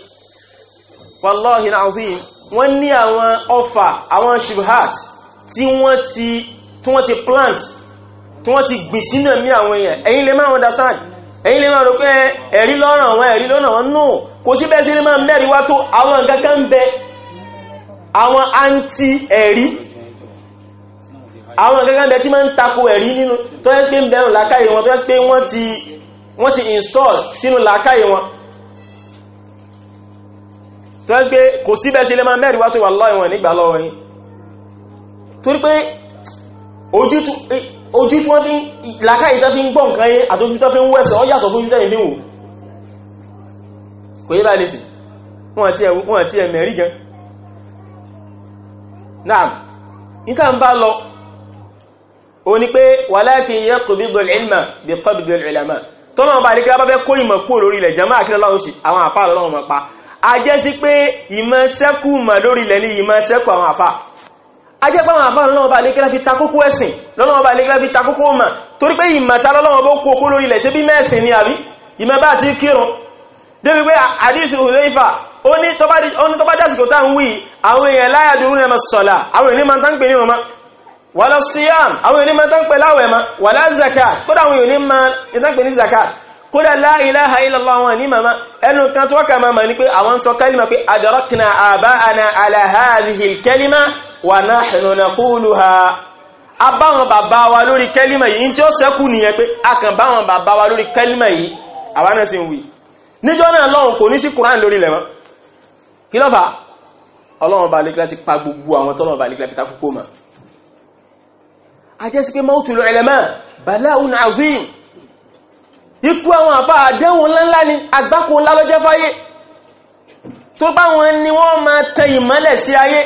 Speaker 1: wallahi alazim wọ́n ní àwọn ọfà àwọn shubhat tí wọ́n ti plant tí wọ́n ti gbìn sínú ẹ̀mí àwọn èèyàn ẹ̀yin lè má understand ẹ̀yin lè máa rò pé ẹ̀rí lọ́ràn wọn ẹ̀rí lọ́nà wọn nù kò sí bẹ́ẹ̀ sí ní máa mẹ́rin wá tó àwọn nǹkan kan bẹ àwọn àǹtí ẹ̀rí àwọn nǹkan kan bẹ tí máa ń tako ẹ̀rí nínú tó ń bẹ̀rù làákàyè wọn tó wọ́n ti install sínú làákàyè wọn tó yẹ pé kò sí bẹ́ẹ̀ sí lè máa mẹ́rin wá tó wà lọ́wọ́ nígbà lọ́wọ́ ojú tí wọ́n fi làkà ìtẹ́ fi ń gbọ́ nǹkan yé àtójú tẹ́ fi ń wẹ́sẹ̀ ọ yàtọ̀ fún ìtẹ́ ìfẹ́ wò kò yé bá lè sì wọ́n ti ẹ̀mẹ̀ rí gan náà níta ń bá lọ o ní pé walakin yaqbidu al-ilma bi qabdi al-ulama tọ́lọ́wọ́n bá ajẹ́ pàwọn àfáà lọ́wọ́ bá lékẹ́lá fi takókó ẹ̀sìn lọ́wọ́ bá lékẹ́lá fi takókó ọmọ torí pé ìmọ̀ta lọ́wọ́ bó kó okó lórí ilẹ̀ sí bí mẹ́ẹ̀sìn ni àbí ìmọ̀ bá ti kírun débi pé àdíṣù ìrẹ́fà ó ní tó bá dásìkò tá ń wí àwọn èèyàn láyàdúrú ẹ̀mọ̀ sọ̀lá àwọn èèyàn máa ń pè ní ọmọ wà lọ síyàm àwọn èèyàn máa ń pè láwẹ̀ ẹ̀mọ̀ wà lá zakat kódà àwọn èèyàn máa ń pè ní zakat kódà la ilaha àwọn ní màmá ẹnu kan tó wákà máa ní pé àwọn sọ kálímà pé adrakna aba'ana ala hadhihi al-kalima wà náà ẹ̀nà kúlù ha a báwọn bàbá wa lórí kẹ́límà yìí tí ó sẹ́kù nìyẹn pé a kàn báwọn bàbá wa lórí kẹ́límà yìí àwa náà sì ń wí níjọ́ náà lọ́hùn kò ní sí Kùránì lórí lẹ̀mọ́ kí lọ́fà ọlọ́run bá lẹ́gbẹ́ ti pa gbogbo àwọn tó bá wọn ni wọ́n máa tẹ ìmọ́lẹ̀ sí ayé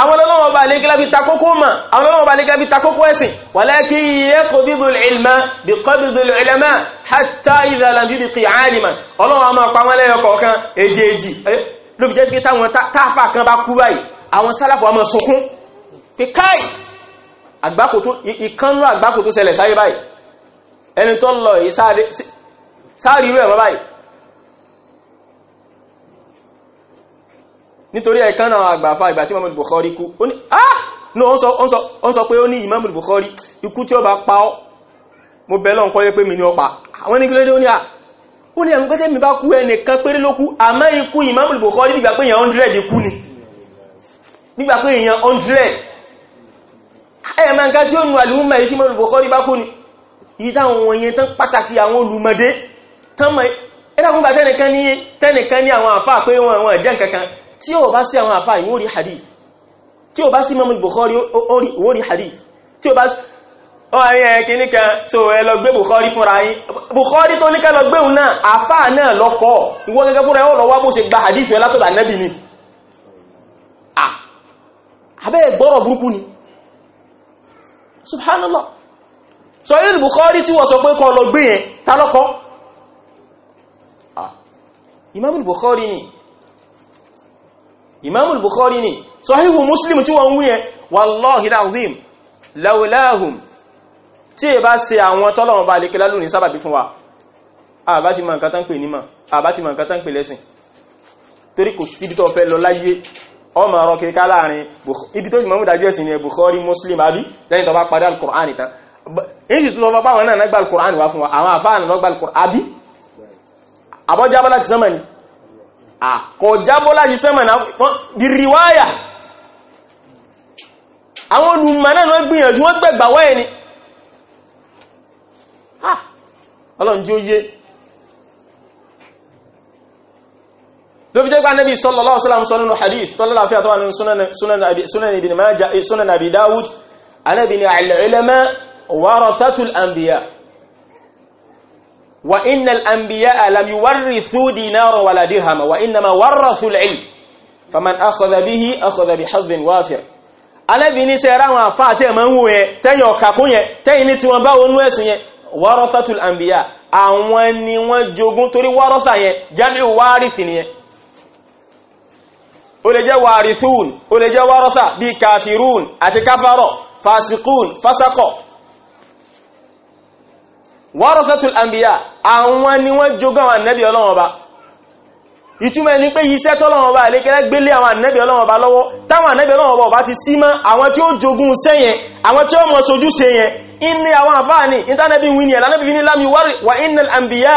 Speaker 1: àwọn ọlọ́wọ́ bá lè gẹ́lá bí takókó mà àwọn ọlọ́wọ́ bá lè gẹ́lá bí takókó ẹ̀sìn walakin yaqbidu al-ilma bi qabdi al-ulama hatta idha lam yubqi 'aliman ọlọ́wọ́ máa pa wọ́n lẹ́yọ kọ̀ọ̀kan èjì èjì ló fi jẹ́ pé táwọn táàfà kan bá kú báyìí àwọn sálàfù àmọ́ sunkún pé káì àgbákòtó nítorí ẹ̀kan náà àgbàfà ìgbà tí Imam Bukhari kú ó ní ah no ó ń sọ pé ó ní Imam Bukhari ikú tí ó bá pa ọ́ mo bẹ̀lọ́ nǹkan yẹ pé mi ní ọpa àwọn ní kílódé ó ní à ah! ó ní ẹ̀mú pẹ́tẹ́ mi bá kú ẹnìkan péré ló kú àmọ́ ikú Imam Bukhari nígbà pé èèyàn 100 kú ni nígbà pé èèyàn 100 ẹ̀mọ́ nǹkan tí ó nu àlùmọ̀ èyí tí Imam Bukhari bá kú ni ní àwọn àfáà pé wọn àwọn ẹ̀jẹ̀ kankan tí ó bá sí àwọn àfáà yìí wọ́n rí hadith tí ó bá sí Imam Bukhari wọ́n rí hadith tí ó bá ọ̀rin ẹ̀kì níkan tó ẹ lọ gbé Bukhari fúnra yín Bukhari tó níkan lọ gbéhùn náà àfáà náà lọ́kọ́ ìwọ gẹ́gẹ́ fúnra ẹ̀ lọ́wọ́ bó ṣe gba hadith ẹ ni ah! imam bukhari ni sahihu muslim tí wọ́n wúyẹ wallahi alazim laulahum tí è bá ṣe àwọn tọ́lọ̀wọ̀n bá lè kílá lónìí sábàbí fún wa àbá ti ma nǹkan tán pè nímọ̀ àbá ti ma nǹkan tán pè lẹ́sìn torí kò sí ibi tó fẹ́ lọ láyé ọmọ ọ̀rọ̀ kíká láàrin ibi tó ti mọ́mú dájú ẹ̀sìn ni bukhari muslim àbí lẹ́yìn tó bá padà al-Qur'an tán èyí tó lọ fọ́pá àwọn náà nágbà àkọjábọ́ láti sẹ́mà náà di riwáyà àwọn olùmọ̀ náà wọ́n gbìyànjú wọ́n gbẹ̀gbà wọ́ ẹni ọlọ́run jí ó yé ló fi jẹ́ pé Ànábì sallallahu alaihi hadith tọ́lọ́lá fi àtọ́wà nínú sunan ibn Majah sunan Abi Dawud Ànábì ní al-ulama warathatul anbiya وإن الأنبياء لم يورثوا دينارا ولا درهما وإنما ورثوا العلم فمن أخذ به أخذ بحظ وافر alábi ní sẹ ra wọn àfáà tẹ́ ma ń wò yẹn tẹ́yìn ọ̀kàkún yẹn tẹ́yìn ní tí wọ́n bá warathatul anbiya àwọn ni wọ́n jogún torí waratha yẹn jáde wárìsì nìyẹn ó lè jẹ́ wárìsùn ó lè jẹ́ waratha bíi kàfírùn àti káfárọ̀ fásikùn fásakọ̀ warasatul anbiya àwọn ni wọ́n jogún àwọn ànábì Ọlọ́run Ọba ìtumọ̀ ni pé iṣẹ́ tọ́lọ́run Ọba àlékẹ́lẹ́ gbélé àwọn ànábì Ọlọ́run Ọba lọ́wọ́ táwọn ànábì Ọlọ́run Ọba ọba ti sí mọ́ àwọn tí ó jogún iṣẹ́ yẹn àwọn tí ó mọ̀ sojú ṣe yẹn inni àwọn àfáàní ìtànẹ́bí wí ni ẹ̀ lánàbí ní lámi wárí wà innal anbiya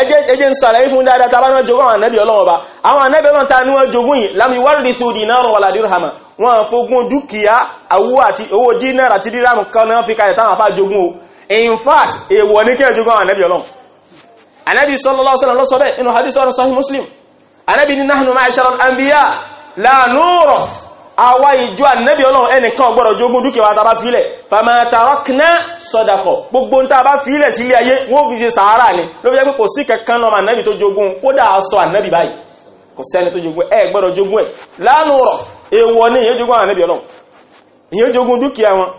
Speaker 1: ẹjẹ́ ń sàlẹ̀ fún dáadáa tàbá náà jogún àwọn ànábì Ọlọ́run Ọba àwọn ànábì Ọlọ́run ta ni wọ́n jogún yìí lámi warithu dinaran wala dirhama wọ́n fogun dúkìá àwú àti owó dínàrà àti díràmù kan náà fi kalẹ̀ táwọn àfáà jogún o in fact èèwọ̀ ní kí ẹjọ́ gan ànábì ọlọ́run ànábì sallallahu alaihi wasallam ló sọ bẹ́ẹ̀ inú hadith ọ̀rọ̀ sahih muslim ànábì ní nahnu ma'ashara al-anbiya la nuru àwa ìjọ ànábì ọlọ́run ẹnìkan ò gbọ́dọ̀ jogún dúkìá ta file. filẹ̀ fama tarakna sadaqa gbogbo ń ta file filẹ̀ sílé ayé wọ́n fi ṣe sàárà ni ló fi jẹ́ pé kò sí kankan lọ́mọ ànábì tó jogún kódà aṣọ ànábì báyìí kò sẹ́ni tó jogún ẹ gbọ́dọ̀ jogún ẹ̀ la nuru èèwọ̀ ni ìyẹn jogún ànábì ọlọ́run ìyẹn jogún dúkìá wọn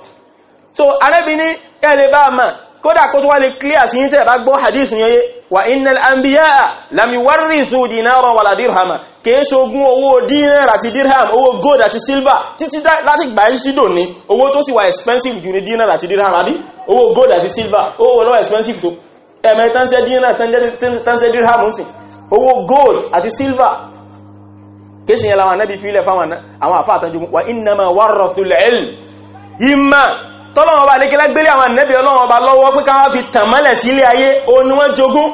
Speaker 1: so ànábì ní kẹ́lẹ̀ bá mọ̀ kódà kó tó wá lè clear sí yí tẹ́ bá gbọ́ hadith yẹn yé wà innal anbiya lam yuwarrithu dinara wala dirhama kìí ṣogún owó dinar àti dirham owó gold àti silver títí láti gbà ẹ́ sídò ní owó tó sì wà expensive jù ní dinar àti dirham àbí owó gold àti silver owó lọ́wọ́ expensive tó ẹ̀mẹ́ tánṣẹ́ dinar tánṣẹ́ dirham ń sìn owó gold àti silver kìí ṣe yẹn làwọn anábì fílẹ̀ fáwọn àwọn àfáà tánjú wà innama warrathul ilm ìmà tọ́lọ́wọ́ba alékẹ́lá gbélé àwọn ànẹ́bí ọlọ́wọ́ba lọ́wọ́ pé káwá fi tàn mọ́lẹ̀ sí ilé ayé o ni wọ́n jogún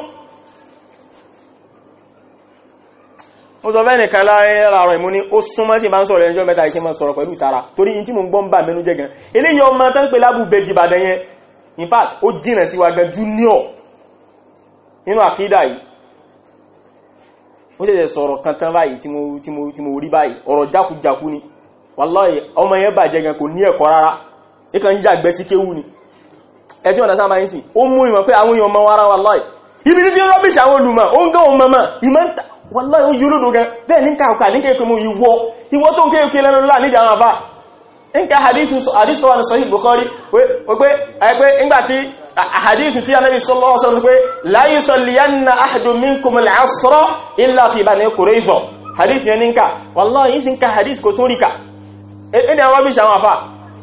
Speaker 1: ó sọ fẹ́ nìkan láàárọ̀ ìmú ní ó súnmọ́ tí bá ń sọ̀rọ̀ ẹjọ́ mẹ́ta ìkẹ́mọ̀ sọ̀rọ̀ pẹ̀lú ìtara torí yìí tí mo ń gbọ́n bà mẹ́nu jẹ́ gan eléyìí ọmọ tán pé lábù bèbí Ìbàdàn yẹn in fact ó jìnà sí junior nínú àkídà yìí ó sọ̀rọ̀ kan tán báyìí tí mo nìkan yàgbẹ́ sí kéwú ni ẹ̀tí ọ̀nà sáà máa ń sìn ó mú ìmọ̀ pé àwọn èèyàn mọ́ ara wà láì ibi ní tí rọ́bìṣì àwọn olùmọ̀ ó ń gán òun mọ́mọ́ ìmọ̀ ń ta wà láì ó yúlódò gan bẹ́ẹ̀ ní kàkà ní kéèkéé mú ìwọ tó ń kéèké lẹ́nu lọ́la nídìí àwọn àbá nka hadithu wa sahih sallallahu alaihi wasallam la yusalliyanna ahadun minkum asra illa fi bani qurayza hadith yẹn nka wallahi yin hadith ko tun rika e àwọn bi sha àwọn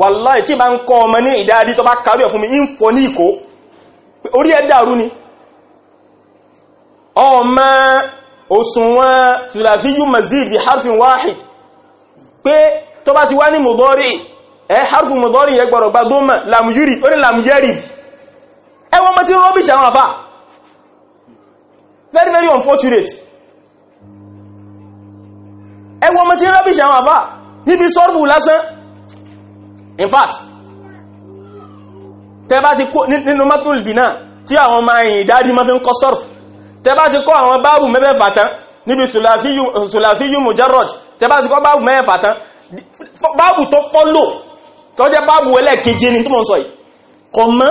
Speaker 1: wàláì tí bá ń kọ́ ọmọ ní ìdáadí tó bá kàrí ẹ̀ fún mi ń fọ ní ìkó orí ẹ̀ dàrú ni ọmọ òsùnwọ́n filafiyu mazid bi harfin wahid pé tó bá ti wá ní mọ̀dọ́rì ẹ̀ harfin mọ̀dọ́rì yẹ gbọ́rọ̀ gbá dómà lamuyuri ó ní lamuyari ẹwọ́n mọ́ tí rọ́bìṣ àwọn àfà very very unfortunate ẹwọ́n mọ́ tí rọ́bìṣ àwọn àfà níbi sọ́rùbù lásán in fact tẹ́bá ti kó nínú mọ́tún ìbìnà tí àwọn ọmọ ẹ̀yìn ìdádí mọ́ fi ń kọ́ sọ́rf tẹ́bá ti kọ́ àwọn báàbù mẹ́fẹ̀ẹ́fà tán níbi sùlàfíyù mujarrad tẹ́bá ti kọ́ báàbù mẹ́fẹ̀ẹ́fà tán báàbù tó fọ́lò tó jẹ́ báàbù ẹlẹ́ẹ̀keje ni tí mo ń sọ yìí kò mọ́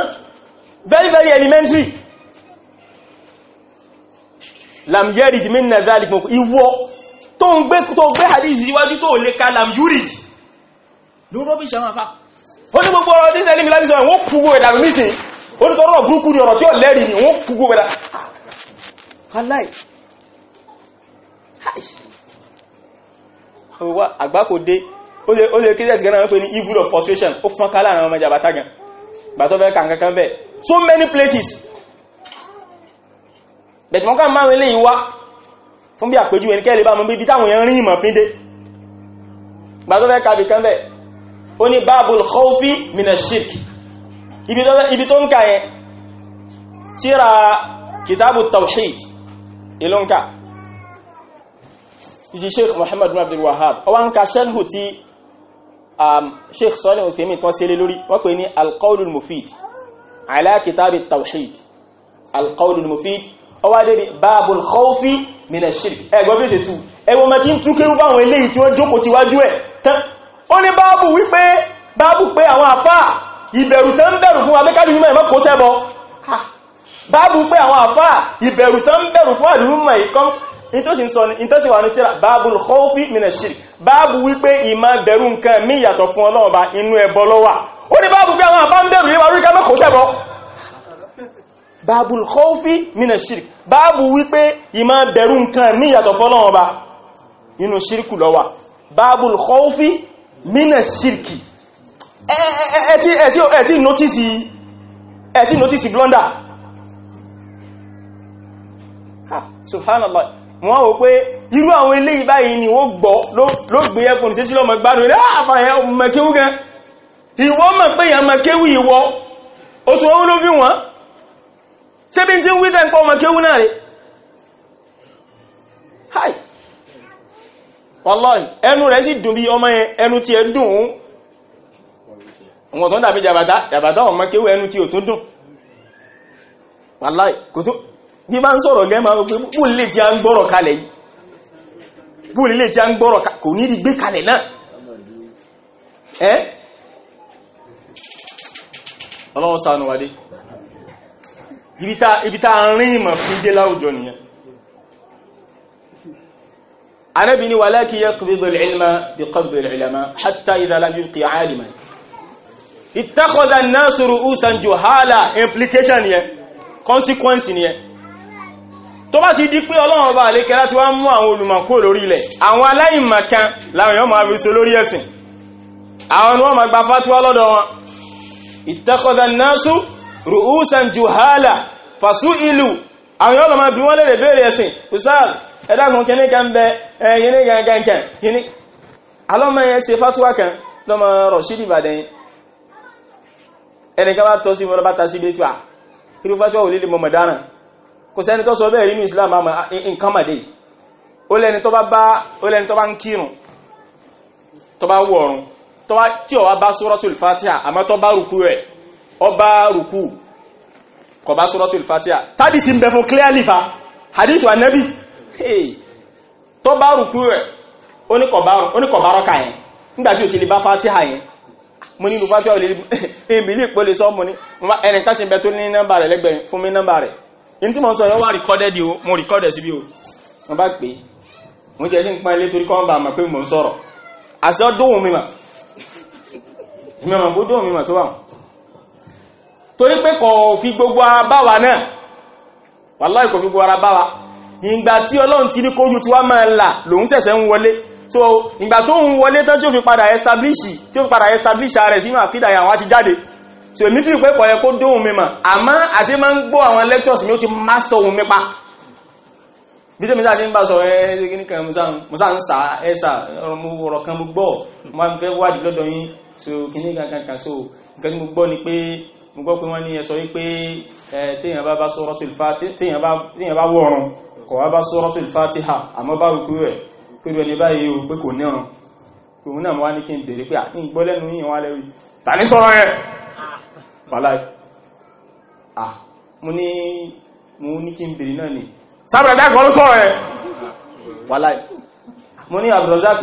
Speaker 1: very very elementary lam yarid minna dhalik mọ́ ìwọ tó ń gbé hadith síwájú tó lè ka lam yurid ló rọ́bìṣì àwọn àfá ó ní gbogbo ọ̀rọ̀ tí sẹ́lí mi lábísọ̀ wọ́n kú gbogbo ẹ̀dà mísìn ó ní tọrọ burúkú ni ọ̀rọ̀ tí ó lẹ́rìí ni wọ́n kú gbogbo ẹ̀dà aláì àgbákò dé ó lè kéde ẹ̀sìn gánà wọ́n pè ní evil of frustration ó fọ́n ká láàrin ọmọ ìjà bàtà gan gbàtọ́ fẹ́ kàǹkankan bẹ́ẹ̀ so many places bẹ̀tùmọ́ ká máa wọlé ìwá fún bí àpèjú ẹnikẹ́ lè bá mọ́ bí táwọn èèyàn rí ìmọ̀ fíndé gbàtọ́ fẹ́ kàbì kan bẹ́ẹ̀ ó ní babul khawfi mina shirk ibi tó ń ka yẹn tíra kitabu tawhid ìlú ń ka ìjì sheikh muhammad bin abdul wahab ọwá ń ka sharhu ti um, sheikh sọ́lẹ̀ òfèmí tó sílé lórí wọ́n pè ní alqaulul mufid ala kitabi tawhid alqaulul mufid ọwá dédé babul khawfi mina shirk ẹgbọ́n bí ṣe tú ẹgbọ́n mẹ́tí ń túnkẹ́ ó ní báàbù wípé báàbù pé àwọn àfá ìbẹ̀rù tán ń bẹ̀rù fún abẹ́kálì mímọ̀ ìmọ̀ kó sẹ́bọ báàbù pé àwọn àfá ìbẹ̀rù tán ń bẹ̀rù fún àlúmọ̀ ìkan ìtọ́sí wà ní tíra báàbù khawfi mina shirk báàbù wípé ìmọ̀ bẹ̀rù nǹkan mí yàtọ̀ fún Ọlọ́run bá inú ẹbọ ló wà ó ní báàbù pé àwọn àfá ń bẹ̀rù nípa orí bá inú ṣírkù ló báàbù khawfi mina shirki ẹ̀tí ẹ̀tí ẹ̀tí notisi ẹ̀tí notisi blunder ha subhanallah wọ́n pé irú àwọn ni wọ́n gbọ́ ló gbé ẹkùn rẹ̀ àfàyẹ mọ̀ pé oṣù ló fi wọ́n ṣe bí ń wí wallahi ẹnu rẹ̀ sì dùn bí ọmọ ẹnu tí ẹ dùn ún tó ń dàbí jàbàtà jàbàtà ọmọ kéwù ẹnu tí ò tún dùn wallahi kò tó bí bá ń sọ̀rọ̀ gẹ́ máa wípé lè tí a ń gbọ́rọ̀ kalẹ̀ yìí lè tí a ń gbọ́rọ̀ kò ní gbé kalẹ̀ náà ibi tá a rìn fún anábì ni wàláàkì yaqbidu al-ilma bi qabdi al-ulama hatta idha lam yulqi aliman ittakhadha an-nasu ru'usan juhala implication yẹn consequence yẹn tó bá ti di pé ọlọ́run bá lè kẹ́lá tí wá mú àwọn olùmọ̀kú lórí ilẹ̀ àwọn aláìmọ̀kan láwọn èèyàn máa fi so lórí ẹ̀sìn àwọn ni wọ́n gba fatuwa lọ́dọ̀ wọn ittakhadha an-nasu ru'usan juhala fasu'ilu àwọn èèyàn lọ máa bí wọ́n lè rè béèrè ẹ̀dàgùn kìíní kan bẹ ẹ̀yìní gangan kan yìí alọ́mọ yẹn ṣe fatuwa kan lọ́mọ rọ̀ṣídì ìbàdàn yìí ẹnìkan bá tọ́ sí mọ́ra bá ta sí ilé tí Islam àmà nǹkan màdé ó lẹ́ni tó bá bá ó lẹ́ni tó bá ń kírun tó bá wọ̀ ọ̀run tó bá tí ó wá bá Suratul Fatiha àmọ́ tó bá hadith wa nabi tó bá rùkú rẹ̀ oníkọ̀bárọ̀ ká yẹn nígbàtí ò ti lè bá fátíhà yẹn mo nínú fátíhà ò lè ìbílì [laughs] pé lè mo ní sí ibẹ̀ tó ní nọ́mbà rẹ̀ lẹ́gbẹ̀ẹ́ fún mi nọ́mbà rẹ̀ tí mo sọ di o mo si síbi o mo bá pè é mo jẹ́ sí nǹkan ilé torí kọ́ bá mọ̀ pé mo ń sọ̀rọ̀ àṣẹ ọdún mi mà [laughs] mi gbogbo ara náà gbogbo ara ìgbà tí ọlọ́run ti ní kójú tí wá máa là lòun ṣẹ̀ṣẹ̀ ń wọlé so ìgbà tó ń wọlé tán tí ó fi padà establish tí ó fi padà establish rẹ̀ sínú àkídà àwọn àti jáde so èmi fi pẹ́pọ̀ yẹ kó dóhun mi mà àmọ́ àṣẹ máa ń gbọ́ àwọn lectures mi ó ti master ohun mi pa bí tẹ́mi sáà ṣe ń bá sọ ẹ́ ṣe kí ní kan mo sáà ń sà ẹ́ sà mo rọ̀ kan mo gbọ́ mo máa ń fẹ́ wádìí lọ́dọ̀ yín so kí ní kankan so nǹkan tí mo gbọ́ ni pé mo gbọ́ pé wọ́n ní ẹsọ wípé téèyàn bá bá Suratul Fatiha téèyàn bá wọ̀run kọ̀ wá bá Suratul ha àmọ́ bá rúkú rẹ̀ pé ẹni báyìí o pé kò nírun òun náà wá ní kí n bèèrè pé àti ìgbọ́ lẹ́nu ah mo ní mo ní ni sábẹ̀rẹ̀sáàkì wọ́n ló sọ̀rọ̀ rẹ̀ wàláì mo ní Abdulrazak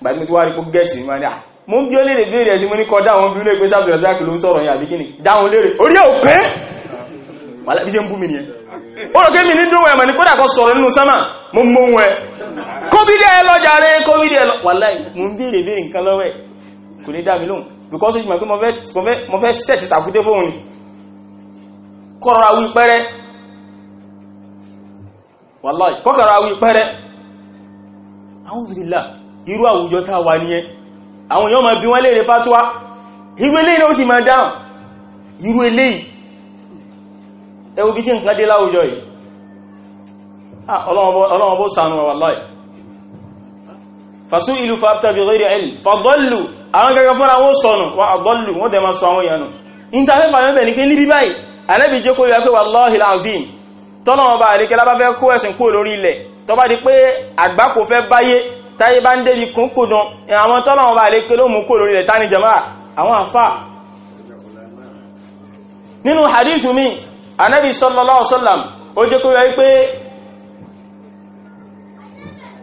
Speaker 1: bàbí mo ti rí kó gẹ́ẹ̀tì ma ní à mo bí ó lèrè béèrè ẹ̀sìn mo ní kọ dáwọn bí ó lè pé sábẹ̀ ọ̀sán ló ń sọ̀rọ̀ yà bíkíní dáwọn lèrè orí ẹ̀ òpé bí ṣe ń bú mi nìyẹn ó rò kémi ní dúró ẹ̀mọ̀ ní kódà kọ sọ̀rọ̀ nínú sánmà mo mọ ohun ẹ̀ kóbídì ẹ lọ́jà rẹ lọ wàhálà mo ń béèrè béèrè nǹkan lọ́wọ́ kò ní dá mi because irú àwùjọ tá wà níyẹn àwọn èèyàn máa bi wọ́n léèrè fatuwa irú eléyìí náà ó sì máa dáhùn irú eléyìí ẹwù bí tí nǹkan dé láwùjọ yìí ọlọ́wọ́ bó sànú wà láì fasú ìlú fàftà bí rẹ̀ ẹ̀lì fàdọ́lù àwọn gẹ́gẹ́ fúnra wọ́n sọnù wà àdọ́lù wọ́n dẹ̀ ma sọ àwọn ìyànà ìntàfẹ́fà mẹ́bẹ̀ ní pé níbi bá àríkẹ́lá bá fẹ́ kó ẹ̀sìn kúrò lórí ilẹ̀ tọ́bá di pé àgbákò fẹ́ báyé táyé bá ń débi kún kò dán àwọn tọ́lọ́wọ́n bá lè kéré òmù kò lórí rẹ̀ tání jama àwọn àfà nínú hadithu mi anábi sallallahu sallam ó jẹ́ kó yọrí pé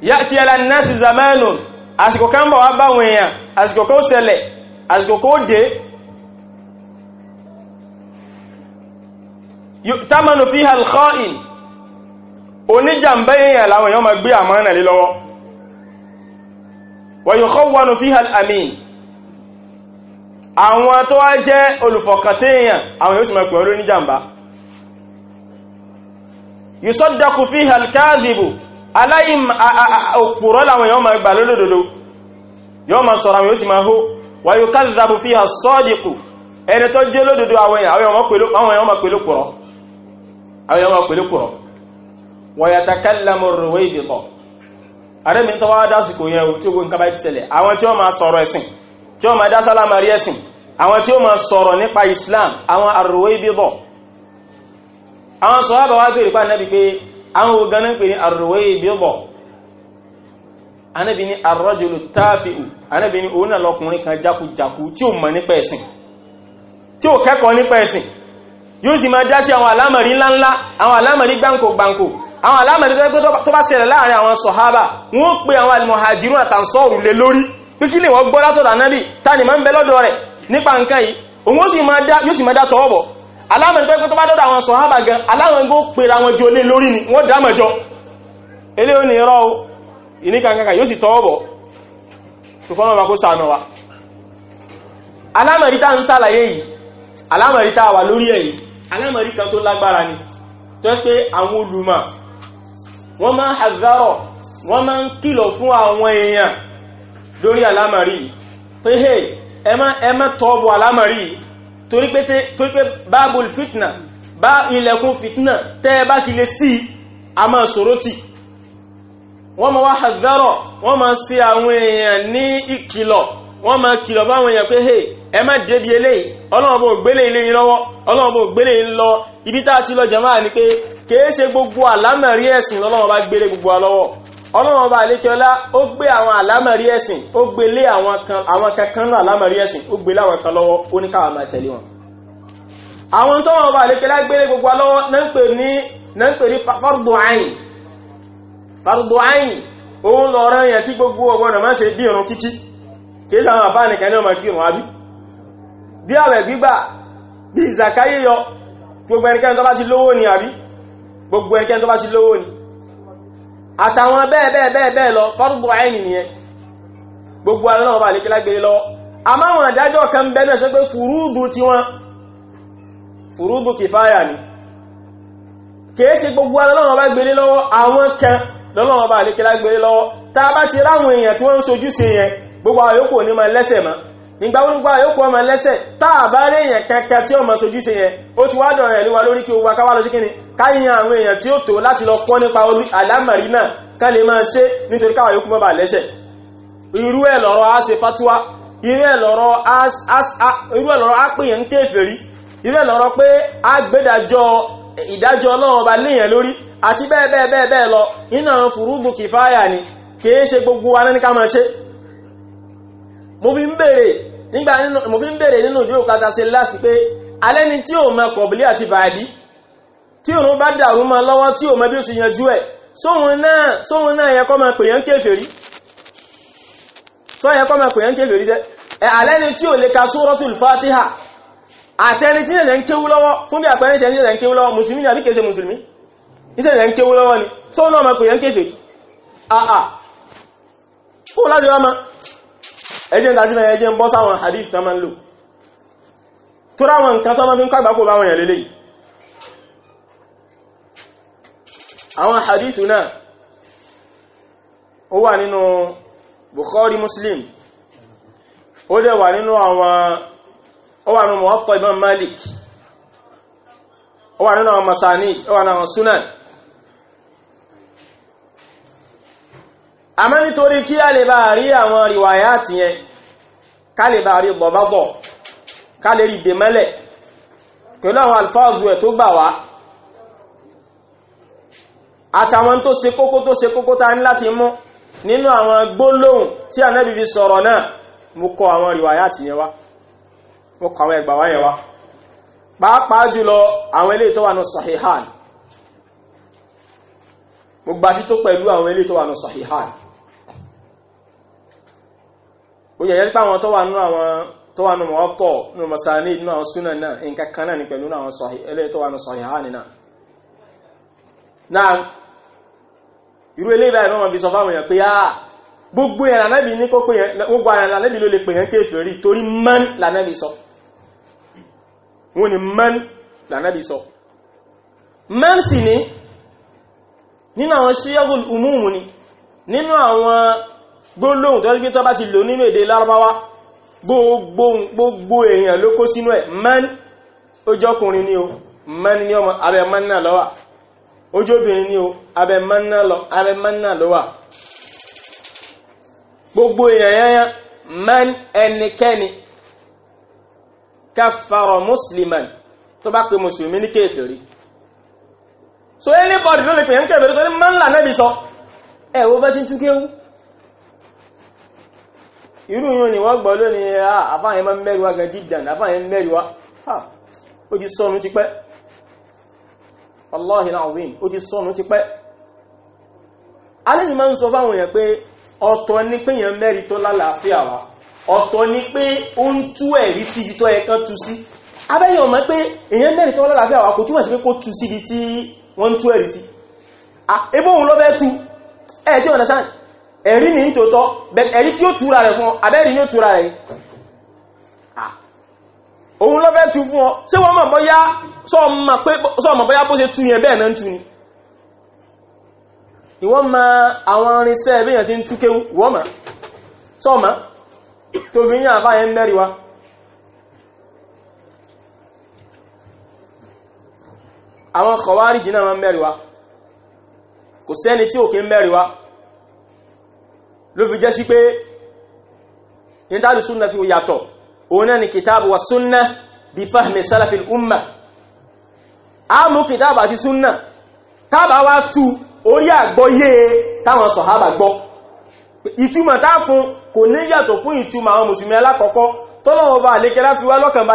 Speaker 1: yá ti yẹla nẹ́sì zamanu àsìkò kan bọ̀ wá báwọn èèyàn àsìkò kó ṣẹlẹ̀ àsìkò kó dé tamanu fi halkọ́in oníjàmbá èèyàn láwọn èèyàn ma gbé àmánà lé lọ́wọ́ wọ̀yọ̀kọ́wọ́nù fíhàn amin àwọn tó wá jẹ́ olùfọ̀kàntéèyàn àwọn yóò sì máa pẹ̀lú níjàmbá yùsọ́dọ̀kù fíhàn káàzìbù aláyìn òpùrọ́ làwọn yóò máa gbà lódòdó yóò máa sọ̀rọ̀ àwọn yóò sì máa hó wàyó àrẹ́mi tó wá dásìkò yẹn tí ogun kaba ti ṣẹlẹ̀ àwọn tí ó ma sọ̀rọ̀ ẹ̀sìn tí ó ma dá sálámàrí ẹ̀sìn àwọn tí ó ma sọ̀rọ̀ nípa Islam àwọn arúwé bíbọ̀ àwọn sọ̀hábà wá bèèrè pàdé nábi pé àwọn ogan náà pè ní arúwé bíbọ̀ anábi ní arọ́jùlù táàfihù anábi ní òun náà lọkùnrin kan jákujàku tí ó mọ̀ nípa ẹ̀sìn tí ó kẹ́kọ̀ọ́ nípa ẹ̀sìn yóò sì ma dá sí àwọn alámàrí ńláńlá àwọn alámàrí gbáǹkò àwọn alámẹ̀rí tó bá ṣẹlẹ̀ láàrin àwọn sọ̀hábà wọ́n pè àwọn alìmọ̀hajirun àtànsọ́ọ̀rù lé lórí pé kí lè wọ́n gbọ́ látọ̀dọ̀ anábì ta ni máa ń bẹ lọ́dọ̀ rẹ̀ nípa nǹkan yìí òun ó sì máa dá tọwọ́ bọ̀ alámẹ̀rí tó bá dọ́dọ̀ àwọn sọ̀hábà gan aláwọn ni wọ́n dá mọ̀jọ elé ó ní rọ́ ìníkankankan yóò sì tọwọ́ wa alámẹ̀rí tá ń sàlàyé yìí alámẹ̀rí tá wà lórí èyí alámẹ̀rí kan tó lágbára pé àwọn olùmọ̀ wọ́n máa ń hazarọ̀ wọ́n máa ń kìlọ̀ fún àwọn èèyàn lórí alámàrí pé hey ẹ má tọ́bọ̀ alámàrí torí pé báàbùl fitna bá ilẹ̀kùn fitna tẹ́ bá ti lè sí a máa sọ̀rọ̀ tì wọ́n máa wá wọ́n máa ń àwọn èèyàn ní ìkìlọ̀ wọ́n máa kìlọ̀ báwọn èèyàn pé hey ẹ má débi eléyìí ọlọ́run bò gbélé ilé yín lọ́wọ́ ọlọ́run bò gbélé yín lọ ibi tá a ti lọ jàmáà ni pé kèé ṣe gbogbo àlámọ̀rí ẹ̀sìn lọ́lọ́run bá gbélé gbogbo wa lọ́wọ́ ọlọ́run bá àlékiọlá ó gbé àwọn àlámọ̀rí ẹ̀sìn ó gbélé àwọn kankan náà àlámọ̀rí ẹ̀sìn ó gbélé àwọn kan lọ́wọ́ ó ní káwọn máa tẹ̀lé wọn àwọn tọ́wọ́n bá àlékiọlá gbélé gbogbo wa lọ́wọ́ náà ń pè ní na ń pè ní fardu ayin fardu ayin òun lọ́rọ̀ yẹn tí gbogbo ọgbọ́n náà máa ṣe bí irun kíkí kìí sáwọn àfáà nìkan ní ọmọ kírùn àbí bí àwẹ̀ gbígbà bí ìzàkáyé yọ gbogbo ẹnikẹ́ni tó bá ti lówó ni àbí gbogbo ẹnikẹ́ni tó bá ti lówó ni àtàwọn bẹ́ẹ̀ bẹ́ẹ̀ bẹ́ẹ̀ bẹ́ẹ̀ lọ fọ́rùgbọ̀ àìní nìyẹn gbogbo ara náà bá lè kílá gbére lọ́wọ́ àmọ́ àwọn àdájọ́ kan bẹ́ẹ̀ náà sọ pé fùrúdù ti wọn fùrúdù kìfáyà ni bá ti ráwọn èèyàn tí wọ́n ń sojú sí yẹn gbogbo ayoko ni ní ma lẹ́sẹ̀ ma nígbà gbogbo àwọn yòókù ọmọ lẹ́sẹ̀ táà bá rí tí yẹn ó ti wá dọ̀rọ̀ ẹ̀lú wa lórí kí owó akáwà lọ sí kíni káyìyàn àwọn èèyàn tí ó tó láti lọ kọ́ nípa àlámàrí náà ká lè máa ṣe nítorí káwà yòókù mọ́ bà lẹ́sẹ̀ irú ẹ̀ lọ́rọ̀ á ṣe fatuwa irú ẹ̀ lọ́rọ̀ á pèèyàn ń kéfèrí irú ẹ̀ lọ́rọ̀ pé á gbédàjọ́ ìdájọ́ ọlọ́run ọba léèyàn lórí àti bẹ́ẹ̀ bẹ́ẹ̀ bẹ́ẹ̀ lọ nínú àwọn kìfáyà ni kìí ṣe gbogbo ní ká máa mo fi ń bèrè nígbà nínú mo fi ń bèrè nínú ìjọ òkàtà sí láti pé alẹ́ ni tí ò mọ kọ̀bílì àti bàdí tí òun bá dàrú mọ́ lọ́wọ́ tí ò mọ bí ó ṣe yanjú ẹ̀ sóhun náà sóhun náà yẹ kọ́ máa pè yẹn kéfèrí sóhun yẹ kọ́ máa pè yẹn kéfèrí jẹ́ ẹ̀ alẹ́ ni tí ò lè ka suratul Fatiha àtẹni tí ìṣẹ̀lẹ̀ ń kéwú lọ́wọ́ fún bí àpẹẹrẹ ìṣẹ̀lẹ̀ ń kéwú lọ́wọ́ mùsùlùmí ni àbí kèsè mùsùlùmí ìṣẹ̀lẹ̀ ń kéwú lọ́wọ́ ni sóhun náà máa pè yẹn kéfèrí ah kó láti wá máa ẹjẹ́ ń dásílẹ̀ ẹjẹ́ ń bọ́ sáwọn hadith tó máa ń lò tó ráwọn nǹkan tó máa fi ń kàgbà kò báwọn yẹn lélẹ̀ àwọn hadith náà ó wà nínú Bukhari Muslim ó dẹ̀ wà nínú àwọn ó wà nínú Muwatta Imam Malik ó wà nínú àwọn masanid ó wà nínú àwọn sunan àmọ́ nítorí kí a lè bá rí àwọn rìwàyà àti yẹn ká lè bá rí bọ̀bọ̀bọ̀ ká lè rí ìdèmẹ́lẹ̀ pẹ̀lú àwọn alfáàzù ẹ̀ tó gbà wá àtàwọn tó ṣe kókó tó ṣe kókó ta ní láti mú nínú àwọn gbólóhùn tí ànábì fi sọ̀rọ̀ náà mo kọ àwọn rìwàyà àti yẹn wá mo kọ àwọn ẹgbà wá yẹn wá pàápàá jùlọ àwọn eléyìí tó wà ní sahihan mo gbà tó pẹ̀lú àwọn eléyìí tó wà ní sahihan bó jẹ́ yẹ́sí páwọn tó wà nínú àwọn tó wà nínú ọ̀tọ̀ nínú masani nínú àwọn súnà náà nǹkan kan náà ní pẹ̀lú àwọn eléyìí tó wà nínú sahihani náà náà irú eléyìí báyìí náà wọ́n fi sọ fáwọn èèyàn pé áà ah, gbogbo yẹn lànàbì ní kó pé yẹn gbogbo àyàn lànàbì ló lè pè yẹn kéfèrí torí mọ́n lànàbì sọ wọ́n ní mọ́n lànàbì sọ mọ́n sì ní nínú àwọn ṣíyẹ́gùn umumu ni nínú àwọn gbólóhùn tó gbé tó bá ti lò nínú èdè lárúbáwá gbogbo èèyàn ló kó sínú ẹ̀ man ó jọkùnrin ni o man ni ọmọ abẹ man náà lọ́wà ojóbìnrin ni o abẹ man náà lọ́wà gbogbo èèyàn yányá man ẹnikẹ́ni kafaro musliman tó bá pe mùsùlùmí ní kéfèrí so anybody ló lè pè ń kéfèrí tó ní man là náà bí sọ ẹ̀ wo bá ti ń irú yóò ni wọ́n gbọ́ lónìí àfáàyẹ máa mẹ́rìwá gan jíjàn àfáàyẹ mẹ́rìwá ó ti sọ́nù ti pẹ́ Allahi alazim ó ti sọ́nù ti pẹ́ alẹ́yìn máa ń sọ fáwọn èèyàn pé ọ̀tọ̀ ni pé èèyàn mẹ́rì lálàáfíà wa ọ̀tọ̀ ni pé ó ń tú ẹ̀rí sí kò ẹ̀rí ní tòótọ́ ẹ̀rí tí ó túra rẹ̀ fún ọ abẹ́rí ní ó túra rẹ̀ òun lọ́fẹ́ tú fún ọ ṣé wọ́n mọ̀ bóyá sọ́ọ̀mọ̀ bóyá bó ṣe tú yẹn bẹ́ẹ̀ náà tú ni ìwọ́n ma àwọn irinṣẹ́ ẹbí yẹn ti ń tú kéwú wọ́n ma sọ́ọ̀mọ̀ tó fi yín àbá yẹn mẹ́rin wa àwọn kọ̀wárìjì náà mẹ́rin wa kò sẹ́ni tí òkè mẹ́rin wa ló fi jẹ́ sí pé ìtàlù súnà fi yàtọ̀ òun náà ni kìtàbù wa súnà bí fahmi sálàfil umma a mú kìtàbù àti súnà tábà wá tú orí àgbọ́yé táwọn sọ̀hábà gbọ́ ìtumọ̀ tá fún kò ní yàtọ̀ fún ìtumọ̀ àwọn mùsùlùmí alákọ̀ọ́kọ́ tọ́lọ́wọ́ bá àlékẹ́lá fi wá lọ́kàn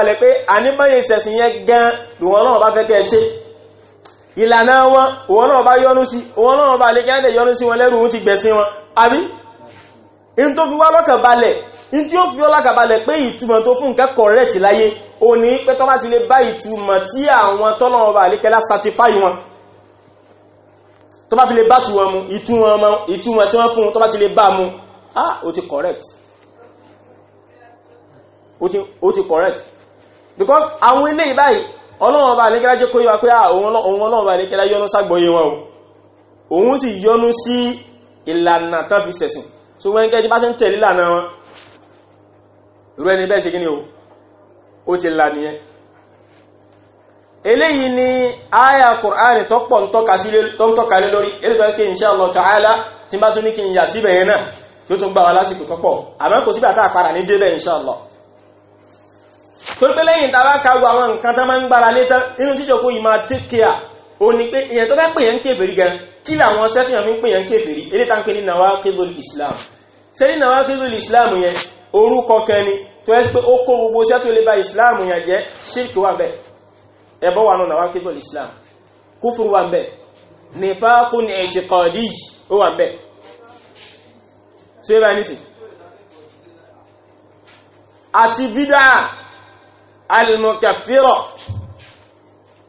Speaker 1: in tó fi wá lọ́kàn balẹ̀ in tí ó fi ọlọ́kàn balẹ̀ pé ìtumọ̀ tó fún nǹkan correct láyé ò ní pé tọ́ bá ti lè bá ìtumọ̀ tí àwọn tọ́lọ́wọ́ bá àlékẹ́lá satisfy wọn tó bá fi lè bá tu wọn mu ìtumọ̀ tí wọ́n fún tó bá ti lè bá mu ah ó correct ó ti correct because àwọn ilé ìbáyìí ọlọ́wọ́ bá àlékẹ́lá jẹ́ kó yíwa pé àwọn ọlọ́wọ́ bá àlékẹ́lá yọ́nú ságbọ́yé wọn o òun sì ìlànà tán fi sẹ̀sìn so wọ́n gẹ́jì bá ṣe ń tẹ̀lé lànà wọn irú ẹni bẹ́ẹ̀ ṣe kí ni o ó ti là nìyẹn eléyìí ni àyà Kùránì tọ́pọ̀ ń tọ́ka lé lórí eléyìí tó kí insha Allah ta'ala tí bá tún ní kí n yà síbẹ̀ yẹn náà yóò tún gbà wá lásìkò tọ́pọ̀ àmọ́ kò síbẹ̀ àtà àpàrà ní débẹ̀ insha Allah torí pé kí làwọn sẹ́fìyàn fi ń pèyàn kéfèrí eré tá ń pè ní nawaqidul islam ṣe ní nawaqidul islam yẹn orúkọ kẹni tó ẹ́ sí pé ó kó gbogbo sẹ́tò lè ba islam yẹn jẹ́ ṣírkì wà bẹ́ẹ̀ ẹbọ wà nù nawaqidul islam kúfùrù wà bẹ́ẹ̀ nifaqun i'tiqadi ó wà bẹ́ẹ̀ so yẹ́ bá ní sí àti bídá al-mukaffira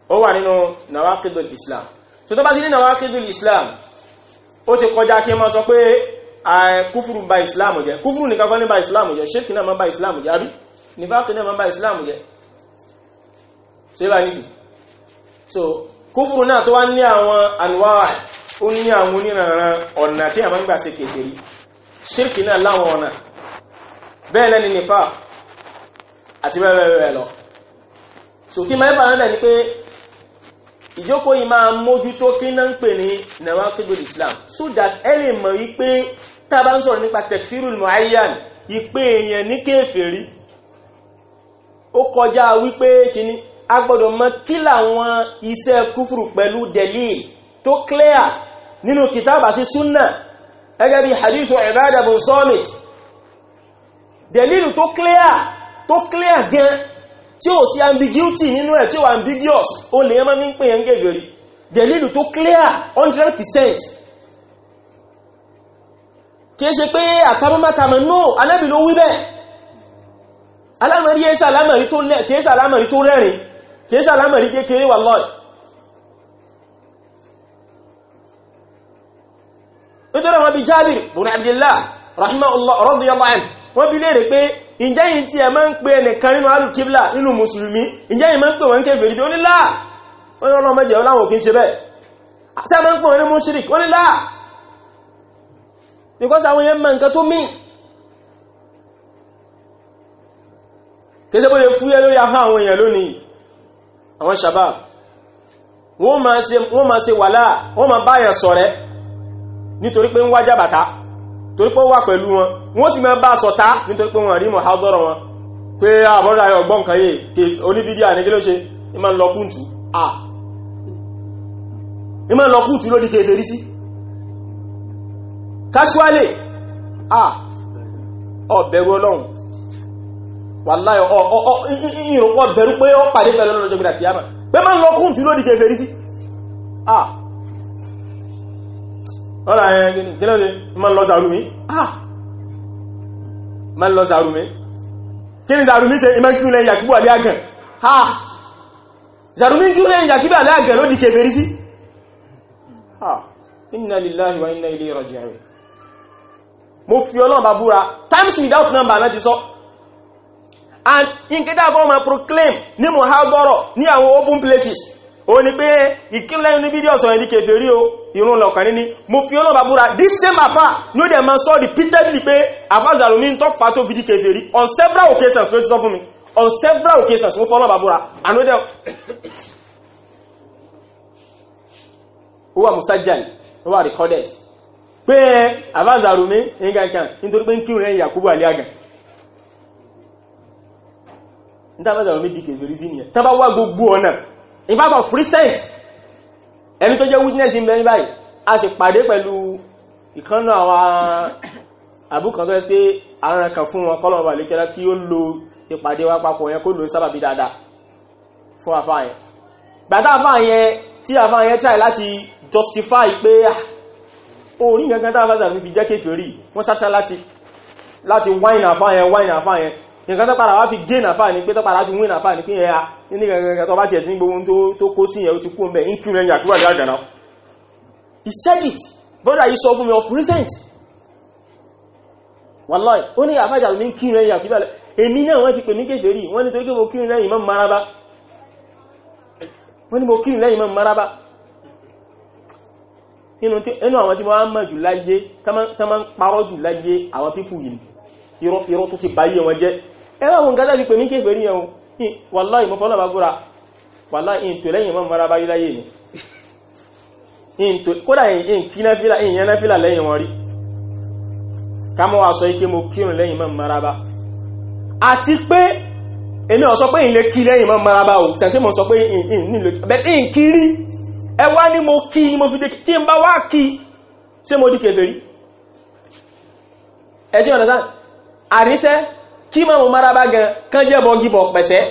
Speaker 1: ó wà nínú nawaqidul islam so tó bá ti ní nawaqidul islam ó ti kọjá kí ẹ máa sọ pé kúfùrù bà islam jẹ́ kúfùrù nìkan kọ́ ní bà islam jẹ́ ṣéèkì náà máa bà islam jẹ́ àbí nífàkì náà máa bà islam jẹ́ so yíba nìsí so kúfùrù náà tó wá ní àwọn anwáwà ó ní àwọn oníranran ọ̀nà tí a máa ń gbà ṣe kèfèrí ṣéèkì náà láwọn ọ̀nà so kí máa ìjókòó yìí máa mójútó kí náà ń pè ní nawaqidul islam so that ẹ lè mọ̀ wípé tá a bá ń sọ̀rọ̀ nípa tekfirul muayyan ìpè èèyàn ní kèfèrí ó kọjá wípé kíní a gbọ́dọ̀ mọ̀ kí làwọn iṣẹ́ kúfùrù pẹ̀lú delil tó clear nínú kìtàbà àti súnà gẹ́gẹ́ bí hadithu Ubadah bin Samit delil tó clear tó clear gan tí ó sí ambiguity nínú ẹ̀ tí ó wà ambiguous ó lè yẹn máa ń pè yẹn gẹ̀gẹ̀rì dẹ̀lílù tó clear 100% kìí ṣe pé àtàmọ́mátàmọ́ no anábì ló wí bẹ́ẹ̀ alámọ̀rí kìí sàlámọ̀rí tó rẹ́rìn kìí sàlámọ̀rí kékeré wà lọ́ọ̀ nítorí wọn bí jábìrì bùn Abdillah rahimahullah radiyallahu anhu wọ́n bí léèrè pé ǹjẹ́ yìí tí ẹ máa ń pè ẹnìkan nínú alùkíblà nínú mùsùlùmí ǹjẹ́ yìí máa ń pè wọ́n kẹfẹ́ rí ó ní láà ó ní ọláwọ̀ kí ń ṣe bẹ́ẹ̀ ṣe máa ń pè wọ́n ní mùṣírìk ó ní because àwọn yẹn máa nǹkan tó mí kéṣe bó lè fúyẹ́ lórí ahọ́n àwọn èèyàn lónìí àwọn shabab wọ́n máa ṣe wàhálà torí pé ó wà pẹ̀lú wọn wọ́n sì máa bá sọ̀tá nítorí pé wọ́n rí mọ̀hádọ́rọ̀ wọn pé àbọ̀dá ah, ayọ̀ gbọ́n kan yìí kí oníbídíà ní kí ló ṣe ìmọ̀ ń lọ kúntù à ah. ìmọ̀ ń lọ kúntù lódì kéèké rí sí káṣúálè à ọ̀bẹ̀rù ọlọ́run wàláyọ̀ ìrùn ọ̀bẹ̀rù pé ó pàdé pẹ̀lú ọlọ́run jẹ́ gbìdà kìyàmà pé máa ń lọ kúntù lódì rí sí à ah ọ́nà ẹgbẹ̀ni kílọ́dẹ̀ ma lọ sàrùmí ah ma ń lọ sàrùmí kí ni sàrùmí ah! ṣe imẹ́ kí lẹ́yìn yàkíbù alẹ́ àgàn ha ah! sàrùmí kí lẹ́yìn yàkíbù alẹ́ ló di kèfèrí sí ha ah! inna lillahi wa inna ilayhi raji'un mo fi ọlọ́run times without number and in kẹta fọ́ ma proclaim ní mo ha gbọ́rọ̀ ní open places ó ní pé ìkílẹ̀ ní fídíò sọ̀rọ̀ ní kèfè rí o irun lọ̀kàn níní mo fi ọlọ́bà búra this same afa ní ó dẹ̀ ma sọ repeatedly pé afa Zarumi ń tọ́fà tó fi di kèfè rí on several occasions ló ti sọ fún mi on several occasions mo fọ́ ọlọ́bà búra ànúdẹ̀ ó wà musajjal ó wà recorded pé afa Zarumi nǹkankan nítorí pé ń kírun ẹ̀yìn Yakubu aliagan ní tàbí Zarumi di kèfè rí sí in fact of recent ẹni tó jẹ́ witness ń bẹ ní báyìí a sì pàdé pẹ̀lú ìkànnà àwọn àbúkan tó ẹ́ pé àwọn kan fún wọn kọ́lọ̀ wà lékẹ́lá kí ó lo ìpàdé wa papọ̀ yẹn kó lò sábàbí dáadáa fún àfáà yẹn gbàtà àfáà yẹn tí àfáà yẹn try láti justify pé ah, orí gangan tá àfáà fi jẹ́ kéfèrí wọ́n sáṣá láti wáìnì àfáà yẹn wáìnì àfáà yẹn nǹkan tó padà wá fi gé nàfà ní pé tó padà fi wé nàfà ní pé ẹ̀yà ní gẹ̀gẹ̀gẹ̀ tó bá tiẹ̀ tí ní gbogbo tó kó sí ẹ̀ ti kú mẹ́ including àkúrò àti he said it brother yìí sọ fún mi of recent wallahi ó ní àfájà ní kírin ẹ̀yà kíbàlẹ̀ èmi náà wọ́n ti pè ní kèfèrí wọ́n ní torí pé mo kírin lẹ́yìn mọ́ maraba wọ́n ní mo kírin lẹ́yìn mọ́ maraba inú àwọn tí wọ́n á mọ̀ jù láyé tán máa ń parọ́ jù láyé àwọn pípù yìí irọ́ tó ti báyé wọn ẹwà wọn gádà fi pè mí kéfèé rí wala wàláì mọ́ fọ́lọ́bà gúra wàláì ìntò mọ́ mara báyí láyé ni kódà ìyẹnà lẹ́yìn wọn rí ká mọ́ sọ ike mo kírùn lẹ́yìn mọ́ mara bá àti pé èmi ò pé ìlé kí lẹ́yìn mọ́ mara bá o sẹ́kí mo n kí mọ̀ maraba gan kán jẹ́ bọ́ gíbọ̀ pẹ̀sẹ̀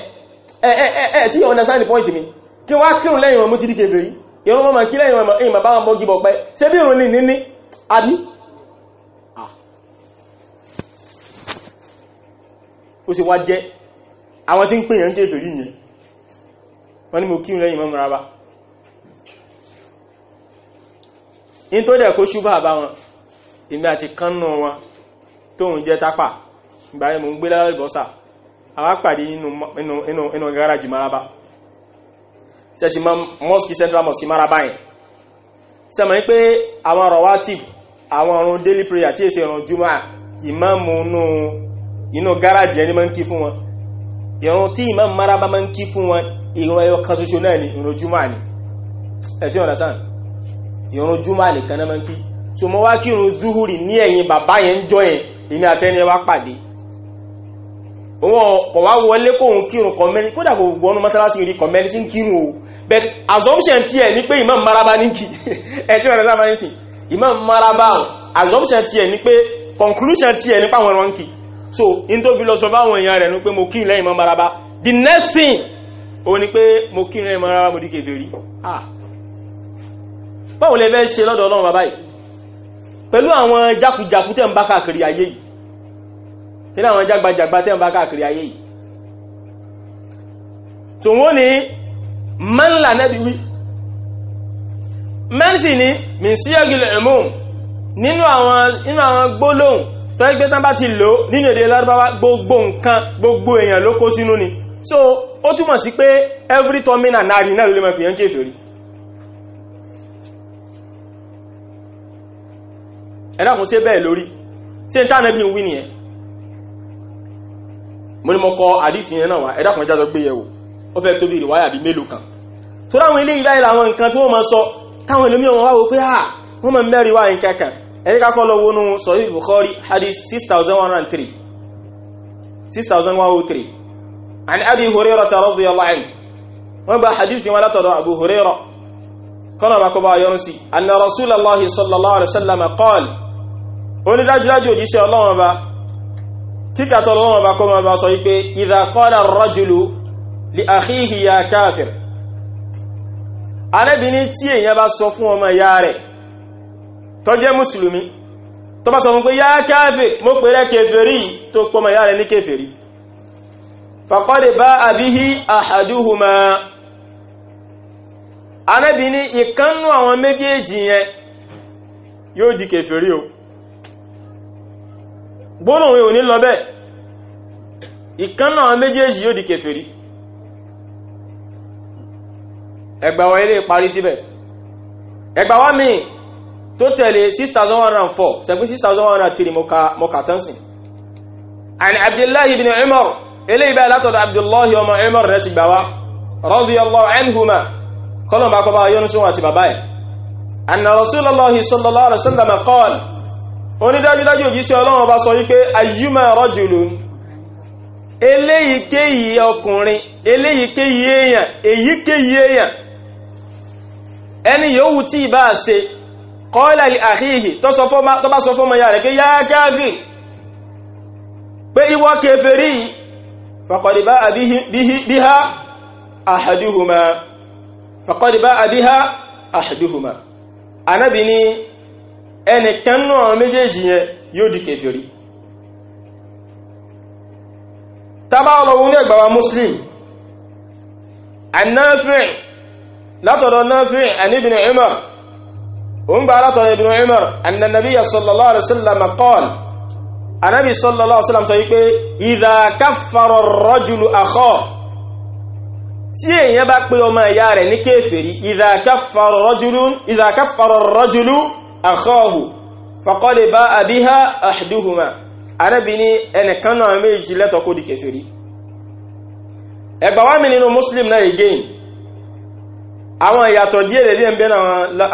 Speaker 1: ẹ̀ẹ̀ẹ̀ tí you understand point mi kí wá kírùn lẹ́yìn wọn mú ti rí kèbèrè ìrún wọn kí lẹ́yìn wọn èyí bá wọn bọ́ gíbọ̀ pẹ̀ ṣe bí ìrún ní ní àbí ó ń ni mo kírùn lẹ́yìn wọn maraba in ìgbà yẹn mò ń gbé lálẹ́bọ̀sà àwa pàdé nínú gáràjì maraba ṣẹ́sì mọ́ mosque central mosque maraba yẹn sẹ́mọ̀ ní pé àwọn rawatib àwọn ọ̀run daily prayer tí èsì ọ̀run jùmọ́ ìmáàmù inú gáràjì ẹni máa ń kí fún wọn ìrun tí ìmáàmù maraba máa ń kí fún wọn ìrun ẹyọ kan ṣoṣo náà ni ìrun jùmọ́ ni ẹ̀tí ọ̀rẹ́ sáà ìrun jùmọ́ nìkan náà máa ń kí so mo wá kírun zuhuri ní ẹ̀yìn bàbá yẹn ń jọ yẹn èmi àtẹ́ni wá pàdé wọn kọ̀ wá wọlé kóhun kírun kọmẹ́lì kódà kò wọnú mọ́sálásí rí kọmẹ́lì sí kírun o but assumption ti ẹ̀ ní pé imam maraba ní kí ẹ̀tí rẹ̀ sáà ní sìn imam maraba assumption ti ẹ̀ ní pé conclusion ti ẹ̀ nípa àwọn ẹran kì so in tó fi lọ sọ fáwọn èèyàn rẹ̀ ní pé mo kí lẹ́yìn imam maraba the next thing o ni pé mo kí lẹ́yìn imam maraba mo di kèfèrí ah báwo lè fẹ́ ṣe lọ́dọ̀ ọlọ́run bàbá yìí pẹ̀lú àwọn jákujàku tẹ́ ń bá káàkiri ayé yìí nínú àwọn jágbàjàgbà tẹ́ ń bá káàkiri ayé yìí tó wọ́n ni man là nẹ́bi wí man sì ni min nínú àwọn gbólóhùn tó ẹgbẹ́ tán bá ti lò nínú èdè lárúbáwá gbogbo nǹkan gbogbo èèyàn ló kó sínú ni so ó túmọ̀ sí pé every turning and nari náà ló lè mọ̀ pìyàn kéfèrí ẹ̀dàkùn sí bẹ́ẹ̀ lórí sí ìtànẹ́bí wí nìyẹn mo ní mo kọ àdísì yẹn náà wá ẹ̀dá kan jájọ gbé yẹ̀wò ó fẹ́ tóbi ìrìwáyà bí mélòó kan tó láwọn ilé ìlà ìlàwọn nǹkan tí wọ́n máa sọ táwọn ilé mìíràn wá wò pé à wọ́n máa mẹ́rin wá nǹkan kan ẹni kákọ́ lọ wọnú sọ̀rọ̀ Bukhari hadith 6103 6103 àni Abi Hurairah radiyallahu anhu wọ́n gba hadith yẹn wá látọ̀dọ̀ Abu Hurairah kọ́nà bá kọ́ sí anna Rasulullahi sallallahu alaihi wasallam qala onídájúdájú òjíṣẹ́ Ọlọ́run ọba kíkàtọ̀ lọ́wọ́ bá kọ́ máa bá sọ wípé idha qala ar-rajulu li akhihi ya káfir arẹ́bìnrin tí èyàn bá sọ fún ọmọ ìyá rẹ̀ tó jẹ́ mùsùlùmí tó bá sọ fún pé ya káfir mo pè rẹ̀ kèfèrí tó pọ́ ìyá rẹ̀ ní kèfèrí faqad ba'a bihi ahaduhuma arẹ́bìnrin ìkánnú àwọn méjèèjì yẹn yóò di kèfèrí o gbólóhùn yóò ní lọ bẹ́ẹ̀ ìkan náà méjèèjì yóò di kèfèrí ẹgbàwọ̀ ilé parí síbẹ̀ ẹgbàwọ̀ mi tó tẹ̀lé 6104 sẹ́gbẹ́ 6103 mọ́kàtánsìn àni abdullahi ibn umar ilé ibẹ̀ látọ̀dọ̀ abdullahi ọmọ umar rẹ̀ ti gbàwá radiyallahu anhuma kọlọ̀mbà kọba yọ́nusún àti bàbá ẹ̀ anna sallallahu alaihi wasallam qala onídájúdájú òjíṣẹ́ ọlọ́run ọba sọ wípé ayyuma rajulun eléyìíkéyìí ọkùnrin eléyìíkéyìí èèyàn èyíkéyìí èèyàn ẹni yòówù tí ìbá ṣe qala li akhihi tó bá sọ fọ́mọ ya rẹ̀ kí yá káàkì pé ìwọ kèfèrí faqad ba'a biha ahaduhuma faqad ba'a biha ẹnìkan náà àwọn méjèèjì yẹn yóò di kèfèrí tàbá ọlọ́wọ́ ní ẹgbàwà muslim annáfíì látọ̀dọ̀ náfíì an ibn umar òun gbà látọ̀dọ̀ ibn umar annanabiya sallallahu alaihi wasallam qala anabi sallallahu alaihi wasallam sọ wípé idha kaffara ar-rajulu akhahu tí èèyàn bá pé ọmọ ìyá rẹ̀ ní kèfèrí idha kaffara ar akhahu faqad ba'a biha ahduhuma anábì ní ẹnìkan náà méjì lẹ́tọ̀ọ́ kó di kèfèrí ẹgbà wá mi nínú muslim náà again àwọn ìyàtọ̀ díẹ̀ lè díẹ̀ ń bẹ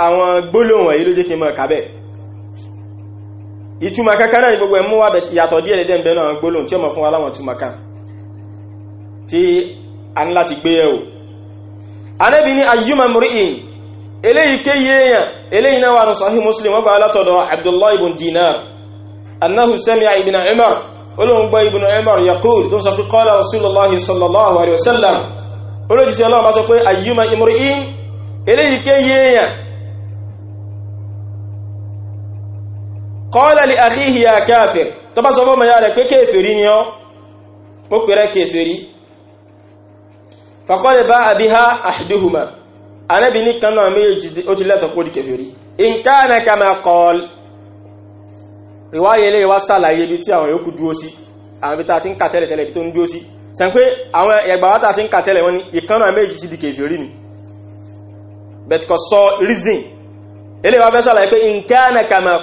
Speaker 1: àwọn gbólóhùn èyí ló jẹ́ kí n mọ̀ kàbẹ̀ ìtumọ̀ kankan náà gbogbo ẹmú wà ìyàtọ̀ díẹ̀ lè ń bẹ àwọn gbólóhùn tí ó mọ̀ fún wa láwọn ìtumọ̀ kan tí a ní láti gbé yẹ̀wò anábì ní ayyuma eléyìí kéyìí èèyàn eléyìí náà wà ní sahih muslim wọ́n gbà látọ̀dọ̀ abdullahi ibn dinar annahu sami'a ibn umar olóhun gbọ́ ibn umar yaqul tó sọ pé qala rasulullahi sallallahu alaihi wasallam olójúsí ọlọ́run bá sọ pé ayyuma imri'in eléyìí kéyìí èèyàn qala li akhihi ya kafir tó bá sọ fọ́ mọ̀ rẹ̀ pé kéfèrí ni ọ́ mo pèrè kéfèrí faqad ba'a biha ahduhuma Ànábì ní kan náà méjèèjì ó ti lẹ́tọ̀ọ́ kó di kèfèrí in kana kama qal riwaye le wa ṣàlàyé bí tí àwọn yòókù dúró sí àwọn bí tá tin kà tẹ́lẹ̀ tẹ́lẹ̀ bí tó ń dúró sí ṣé pé àwọn ẹgbà wa tá tin kà tẹ́lẹ̀ wọ́n ní ìkan náà méjèèjì ti di kèfèrí ni bet sọ reason ele wa fẹ́ ṣàlàyé pé in kana kama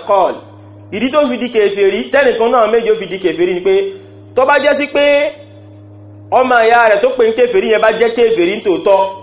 Speaker 1: qal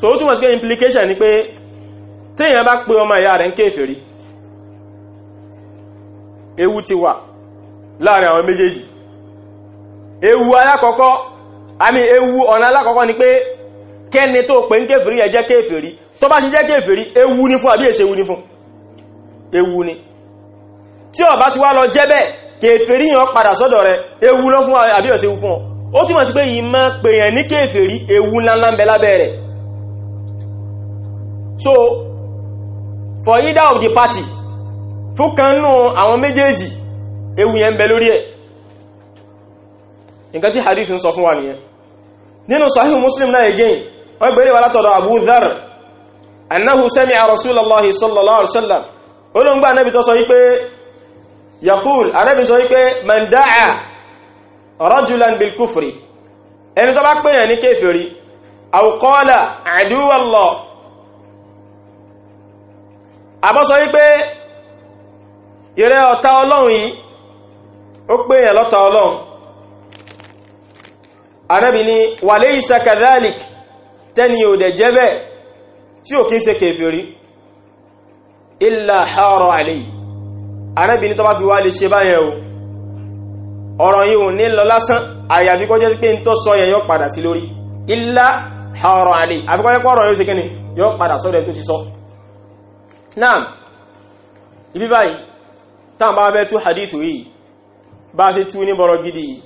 Speaker 1: so otu túnmọ̀ sí pé implication ni pé téèyàn bá pé ọmọ ìyá rẹ̀ ń kéfèrí ewu ti wà láàrin àwọn méjèèjì ewu alákọ̀ọ́kọ́ àmì ewu ọ̀nà alákọ̀ọ́kọ́ ni pé kẹ́ni tó pè ń kéfèrí ẹ jẹ́ kéfèrí tó bá ti jẹ́ ewu ni fún àbí èsè ewu ni fún ewu ni tí ti wá lọ jẹ́ bẹ́ẹ̀ kéfèrí yàn padà sọ́dọ̀ rẹ̀ ewu lọ fún àbí èsè ewu fún ọ ó túnmọ̀ sí pé ewu ńláńlá ń so for either of the party fún kan nù àwọn méjèèjì ewu yẹn ń bẹ lórí ẹ̀ nǹkan tí hadith ń sọ fún wa nìyẹn nínú sahih muslim náà again wọ́n gbẹ̀rẹ̀ wà látọ̀dọ̀ abu dhar annahu sami'a rasulallahi sallallahu alaihi wasallam olóngbà anábi tó sọ wípé yaqul anábi sọ wípé man da'a rajulan bil kufri ẹni tó bá pèèyàn ní kéfèrí aw qala aduwallah àbọ́sọ wípé ìrẹ́ ọ̀tá ọlọ́run yìí ó pè yẹn lọ́ta ọlọ́run anábì ni wà léyìí sakadalik tẹ́ni ò dẹ̀ jẹ́ bẹ́ẹ̀ tí ò kí ń ṣe kèfèrí illa haro alayhi anábì ni tó bá fi wá lè ṣe báyẹn o ọ̀rọ̀ yìí ò ní lọ naam ibi báyìí tán bá bẹ́ tú hadith yìí bá ṣe tú ní bọ̀rọ̀ gidi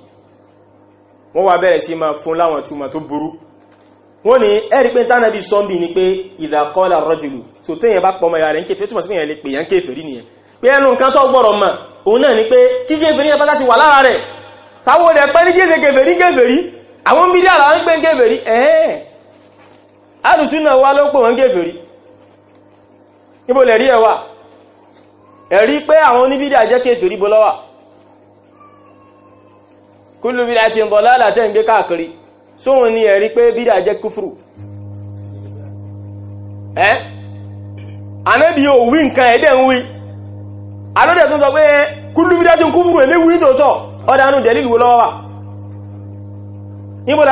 Speaker 1: wọ́n wá bẹ̀rẹ̀ sí ma fún láwọn túmọ̀ tó burú wọ́n ní ẹ̀rí pé tánàbí sọ́mbì ni pé ìdàkọ́lá rọ́jùlù tó tẹ́yẹn bá pọ̀ mọ́ ìyá rẹ̀ ń kéfèé túmọ̀ sí pé yẹn lè pè yẹn kéfèé rí nìyẹn pé ẹnu nǹkan tó gbọ́rọ̀ mọ̀ òun náà ni pé kí kéfèé yẹn níbo lẹ̀ rí ẹwà ẹ̀rí pé àwọn oníbídà jẹ́ kèfèrí bó lọ́wà kúlù bídà ti ń bọ̀ lálàtẹ́ ń gbé káàkiri sóhun ni ẹ̀rí pé bídà jẹ́ kúfùrù ẹ́ anábì ò wí nǹkan ẹ̀dẹ̀ ń wí alódẹ̀ tó sọ pé kúlù bídà ti ń kúfùrù wí tòótọ́ ọdánú lọ́wà níbo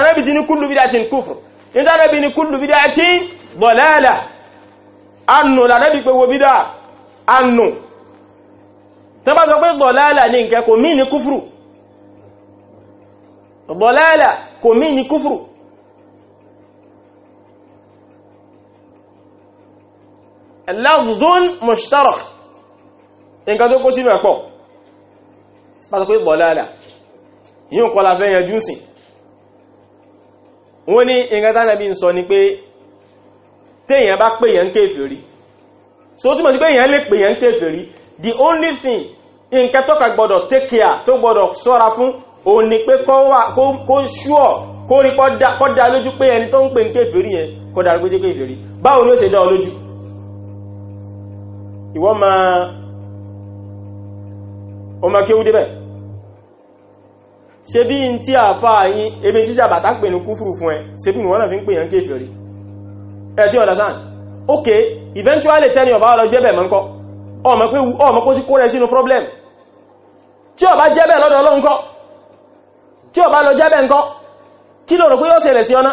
Speaker 1: anù lànẹ́bí pé wo bídá anù tán bá sọ pé dọ̀láàlà ní nkẹ́ kò mí ní kúfùrù dọ̀láàlà kò mí ní kúfùrù lafzun mushtarak nǹkan tó kó sínú ẹ̀pọ̀ bá sọ pe. dọ̀láàlà yíò kọ́ la fẹ́ yẹn jùsìn wọ́n ní nǹkan tánàbí ń sọ ni pé téèyàn bá pè yẹn ń so ó túmọ̀ sí pé èèyàn lè pè yẹn ń the only thing in tó kà take care tó gbọ́dọ̀ sọ́ra fún òun ni pé kó wà kó ṣúọ̀ kó rí kó dá lójú pé ẹni tó ń pè ń kèfèrí yẹn kó dá lójú pé kèfèrí báwo ni ó ṣe dá ọ lójú ìwọ máa ọmọ kéwú débẹ̀ ṣe bí n tí àfáà yín ebi tí sàbàtà pè ní kúfùrù fún ẹ ṣe bí wọn náà fi ń pè yẹn kèfèrí ẹ̀ eh, tí understand okay eventually tẹ́ni ọba ọlọ jẹ́bẹ̀ mọ́ ńkọ́ ọmọ pé ọmọ kó sí kó rẹ sínú problem tí ọba jẹ́bẹ̀ lọ́dọ̀ Ọlọ́run ńkọ́ tí ọba lọ jẹ́bẹ̀ ńkọ́ kí ló rò pé yóò ṣẹlẹ̀ sí ọ̀nà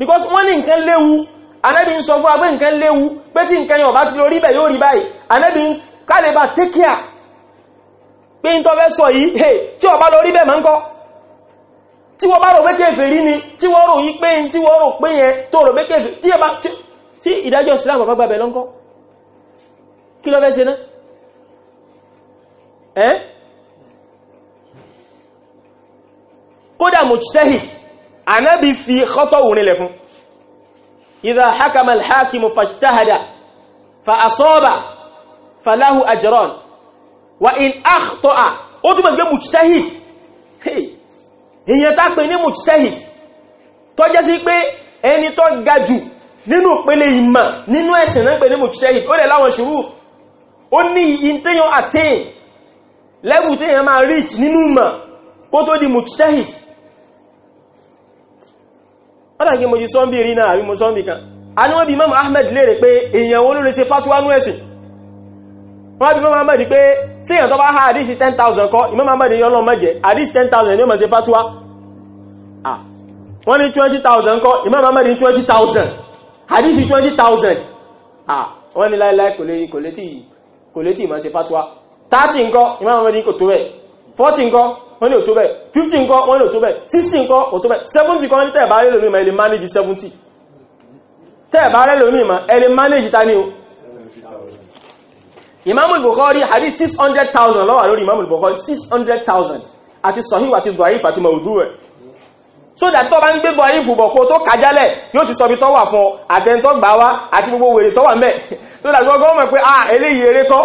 Speaker 1: because wọ́n ní nǹkan léwu anẹ́bí ń sọ fún agbé nǹkan léwu pé tí nǹkan yọ̀bá ti lórí bẹ̀ yóò rí báyìí anẹ́bí ń kálẹ̀ take care pé ń tọ́fẹ́ sọ yìí tí ọba lórí bẹ̀ mọ́ tí wọ́n bá rò pé kèfèrí ni tí wọ́n rò yí pé yí tí wọ́n rò pé yẹn tó rò pé kèfèrí tí ẹba tí ìdájọ́ Islam bàbá gbàbẹ̀ lọ́nkọ́ kí ló fẹ́ ṣe náà ẹ́ kódà mujtahid anábi fi khọ́tọ̀ wù nílẹ̀ fún hey ìyẹn tá pè ní mujtahid tó jẹ́ sí pé ẹni tó ga jù nínú ìpele ìmọ̀ nínú ẹ̀sìn náà pè ní mujtahid ó lè láwọn ṣùrù ó ní ìtẹ́yàn attain level tẹ́yàn máa reach nínú ìmọ̀ kó tó di mujtahid ọ́dàkí mo jí sọ́mbì rí náà àbí mo sọ́mbì kan a ní wọ́n bí Imam wọ́n bí mọ́mọ́ mọ́dí pé sí ìyàn tó bá ha àdísì 10,000 kọ́ ìmọ́mọ́ mọ́dí yọ́ lọ mọ́jẹ̀ àdísì 10,000 ní ọmọ sí fatuwa wọ́n ní 20,000 kọ́ ìmọ́mọ́ mọ́dí 20,000 àdísì 20,000 wọ́n ní láìláì kò lè tí ìmọ̀ sí fatuwa 30 kọ́ ìmọ́mọ́ mọ́dí kò tó bẹ̀ 40 kọ́ wọ́n ní ò tó bẹ̀ 50 kọ́ wọ́n ní ò tó bẹ̀ 60 kọ́ ò tó bẹ̀ 70 kọ́ ní tẹ́ẹ̀bá rẹ̀ lómi ìmọ̀ ẹ̀lẹ́ manage 70 tẹ́ẹ̀bá rẹ̀ lómi ìmọ̀ ẹ̀lẹ́ manage ta ni o imam bukhari hadith 600,000 ló wà lórí imam bukhari 600,000 àti sahih àti da'if àti mawdu' so that tó bá ń gbé da'if bọ̀ kó tó kájálẹ̀ yóò ti sọ bí tó fún àtẹ́ntọ́ gbà wá àti gbogbo wèrè tó mẹ́ [laughs] so that gbogbo mọ̀ pé ah eléyìí eré kọ́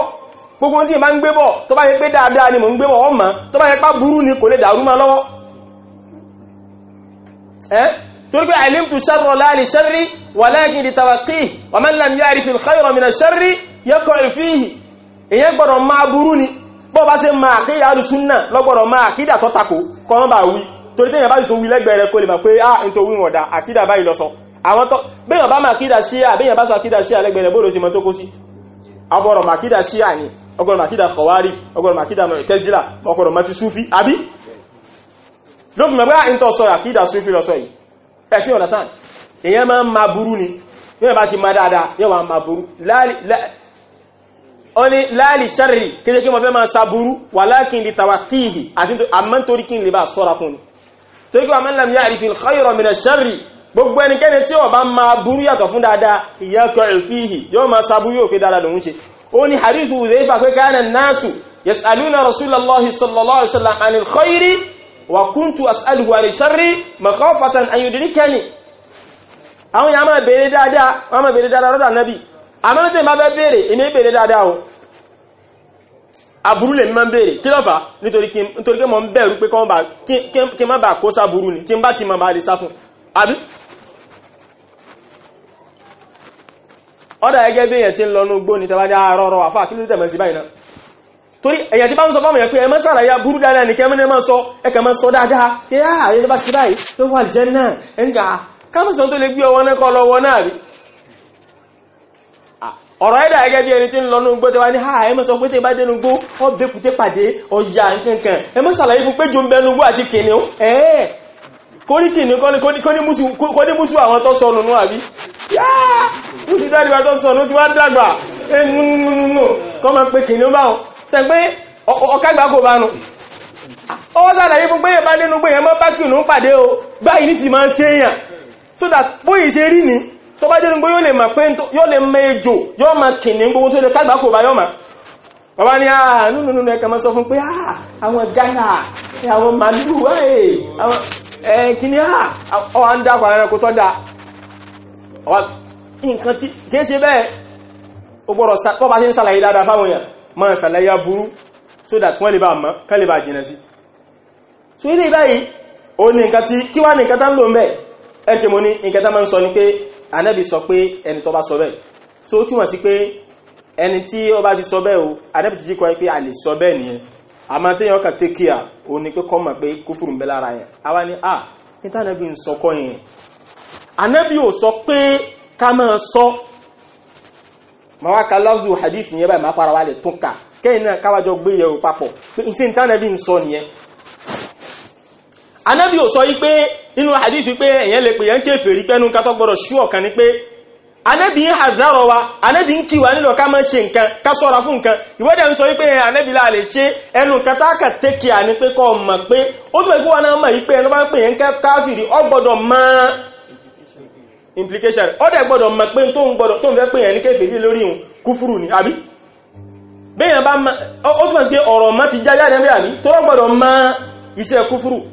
Speaker 1: gbogbo tí ma ń gbé bọ̀ tó bá yẹ pé dáadáa ni mò ń gbé bọ̀ ọmọ tó bá yẹ pá burú ni kò lè dàrú ma lọ́wọ́ eh torí pé alimtu sharra la li sharri walakin li tawaqqihi wa man lam ya'rif al khayra min ash-sharri yaqa fihi èyàn gbọ́dọ̀ máa burú ni bọ́ bá ṣe máa àkídà alùsúnnà lọ́gbọ́dọ̀ máa àkídà tó takò kọ́nà bá wí torí tẹ́yàn bá sì tó wí lẹ́gbẹ̀ẹ́ rẹ̀ kó lè bà pé ah n tó wí wọ̀dá àkídà báyìí lọ́sọ àwọn tó bẹ́yàn bá máa kídà ṣíà bẹ́yàn bá sàkídà ṣíà lẹ́gbẹ̀ẹ́ rẹ̀ bóòlò sí mọ́ tó kó sí ọgbọ̀rọ̀ máa kídà ṣíà ni ọgbọ̀rọ̀ máa kídà kọ̀wárì ọgbọ̀rọ̀ máa kídà tẹ́sílà ọgbọ̀rọ̀ máa ti súfí àbí lókùn mẹ́gbẹ́ àìntọ́ sọ àkídà súfí lọ sọ yìí ẹ̀ tí ọ̀nà sáà èyàn máa ń ma burú ni yóò bá ti ma dáadáa yóò wá ma burú ó ní láàlì ṣẹ́rì kéde kí mo fẹ́ máa sàbúrú walakin li tawaqqihi àti àmọ́ torí kí n lè bá sọ́ra fún ni torí kí wà man lam ya'rif al-khayra min ash-sharri gbogbo ẹnikẹ́ni tí ó bá máa burú yàtọ̀ fún dáadáa yaqi'u fihi yóò máa sàbúrú yóò pé dáadáa lòun ṣe ó ní hadithu Hudhayfa pé kana an-nasu yas'aluna rasulallahi sallallahu alaihi àmọ́lẹ́tẹ̀ máa bẹ́ bèèrè èmi bèèrè dáadáa o aburú lè mímọ́ bèèrè kí lọ́fà nítorí kí mọ́ ń bẹ̀rù pé kí má bà kó ni n bá ti mọ̀ máa lè sá fún àbí ọ̀dà ẹgẹ́ bí èyàn ti ń lọ ní ni ah, arọ ọrọ àárọ̀rọ̀ àfá kí ló tẹ̀mọ̀ sí báyìí náà torí èyàn ti bá ń sọ pé ẹmọ́ sára ya burú dáadáa kẹ́mọ́ sọ mọ́ sọ dáadáa kí ah, á bá sí báyìí tó wà náà tó lè gbé ọwọ́ náà kọ́ lọ́wọ́ ọ̀rọ̀ ẹ̀dà gẹ́gẹ́ bí ẹni tí ń lọ nínú gbó tẹ́wà ní ha ẹ má sọ pé tẹ́ bá dénú gbó ọbẹ̀ kùtẹ́ pàdé ọ̀yà nkankan ẹ má sàlàyé fún péjò ń bẹnu gbó àti kìnìún ẹ̀ẹ́ kóní kìnìún kóní músù àwọn tó sọnù nù àbí yáà músù dáríwá tó sọnù tí wá dàgbà kọ́ máa pe kìnìún báwọn sẹ pé ọ̀kágbà kò bá nù ọwọ́ sàlàyé fún pé ẹ bá dénú gbó yẹn mọ́ bá kìnìún pàdé o báyìí ní ti máa ń ṣe èèyàn so that bóyìí ṣe rí ni tó bá dénú gbé yóò lè mọ̀ pé yóò lè mọ ejò yóò mọ kìnnì gbogbo tó lè kágbà kò bá yóò mọ̀ bàbá ni àà nínú nínú ẹ̀kẹ́ mọ́ sọ fún pé àà ah, àwọn gánà àwọn màlúù ẹ̀kìní àà ọ̀ ń dákọ̀ ara ẹ̀kọ́ tó dá nǹkan tí kìí ṣe bẹ́ẹ̀ ó gbọ́dọ̀ pọ́ bá ṣe ń sàlàyé dáadáa fáwọn èèyàn ma ń sàlàyé burú so that wọ́n lè bá mọ́ kán lè bá jìnà sí so ilé báyìí ó ní nǹkan tí kí wá nǹkan tá ń lò ń bẹ́ẹ̀ ẹ̀kẹ́ mo ní nǹkan tá máa ń sọ ni pé anábì sọ pé ẹni tó bá sọ bẹ́ẹ̀ so ó sí pé ẹni tí ó bá ti sọ bẹ́ẹ̀ o anábì ti jíkọ́ pé a lè sọ bẹ́ẹ̀ nìyẹn àmọ́ téèyàn kà tẹ́kì à ó ní pé kọ́ mọ̀ pé kúfùrù ń bẹ lára yẹn àwa ni a níta anábì ah, ń sọkọ́ yẹn anábì ò sọ pé ká máa sọ màá wá ka lọ́wọ́ hadith yẹn báyìí máa fara wa lè tún kà kẹ́yìn náà káwájọ gbé yẹ̀wò papọ̀ pé níta anábì ń sọ nìyẹn anábì ò sọ yí pé inu hadith pé èyàn lè pè yàn kéfèrí pẹ́nu ká tó gbọ́dọ̀ ṣú ọ̀kan ni pé anẹ́bí ń hazarọ̀ wa anẹ́bí ń kí wa nínú ká má ṣe nǹkan ká sọ́ra fún nǹkan ìwọ́dẹ̀ ń sọ wípé anẹ́bí láà lè ṣe ẹnu katákà tẹ́kì à ní pé kọ́ mọ̀ pé ó tún ẹgbẹ́ wọn mọ̀ wípé ẹnu bá káfìrí ọ gbọ́dọ̀ implication ọ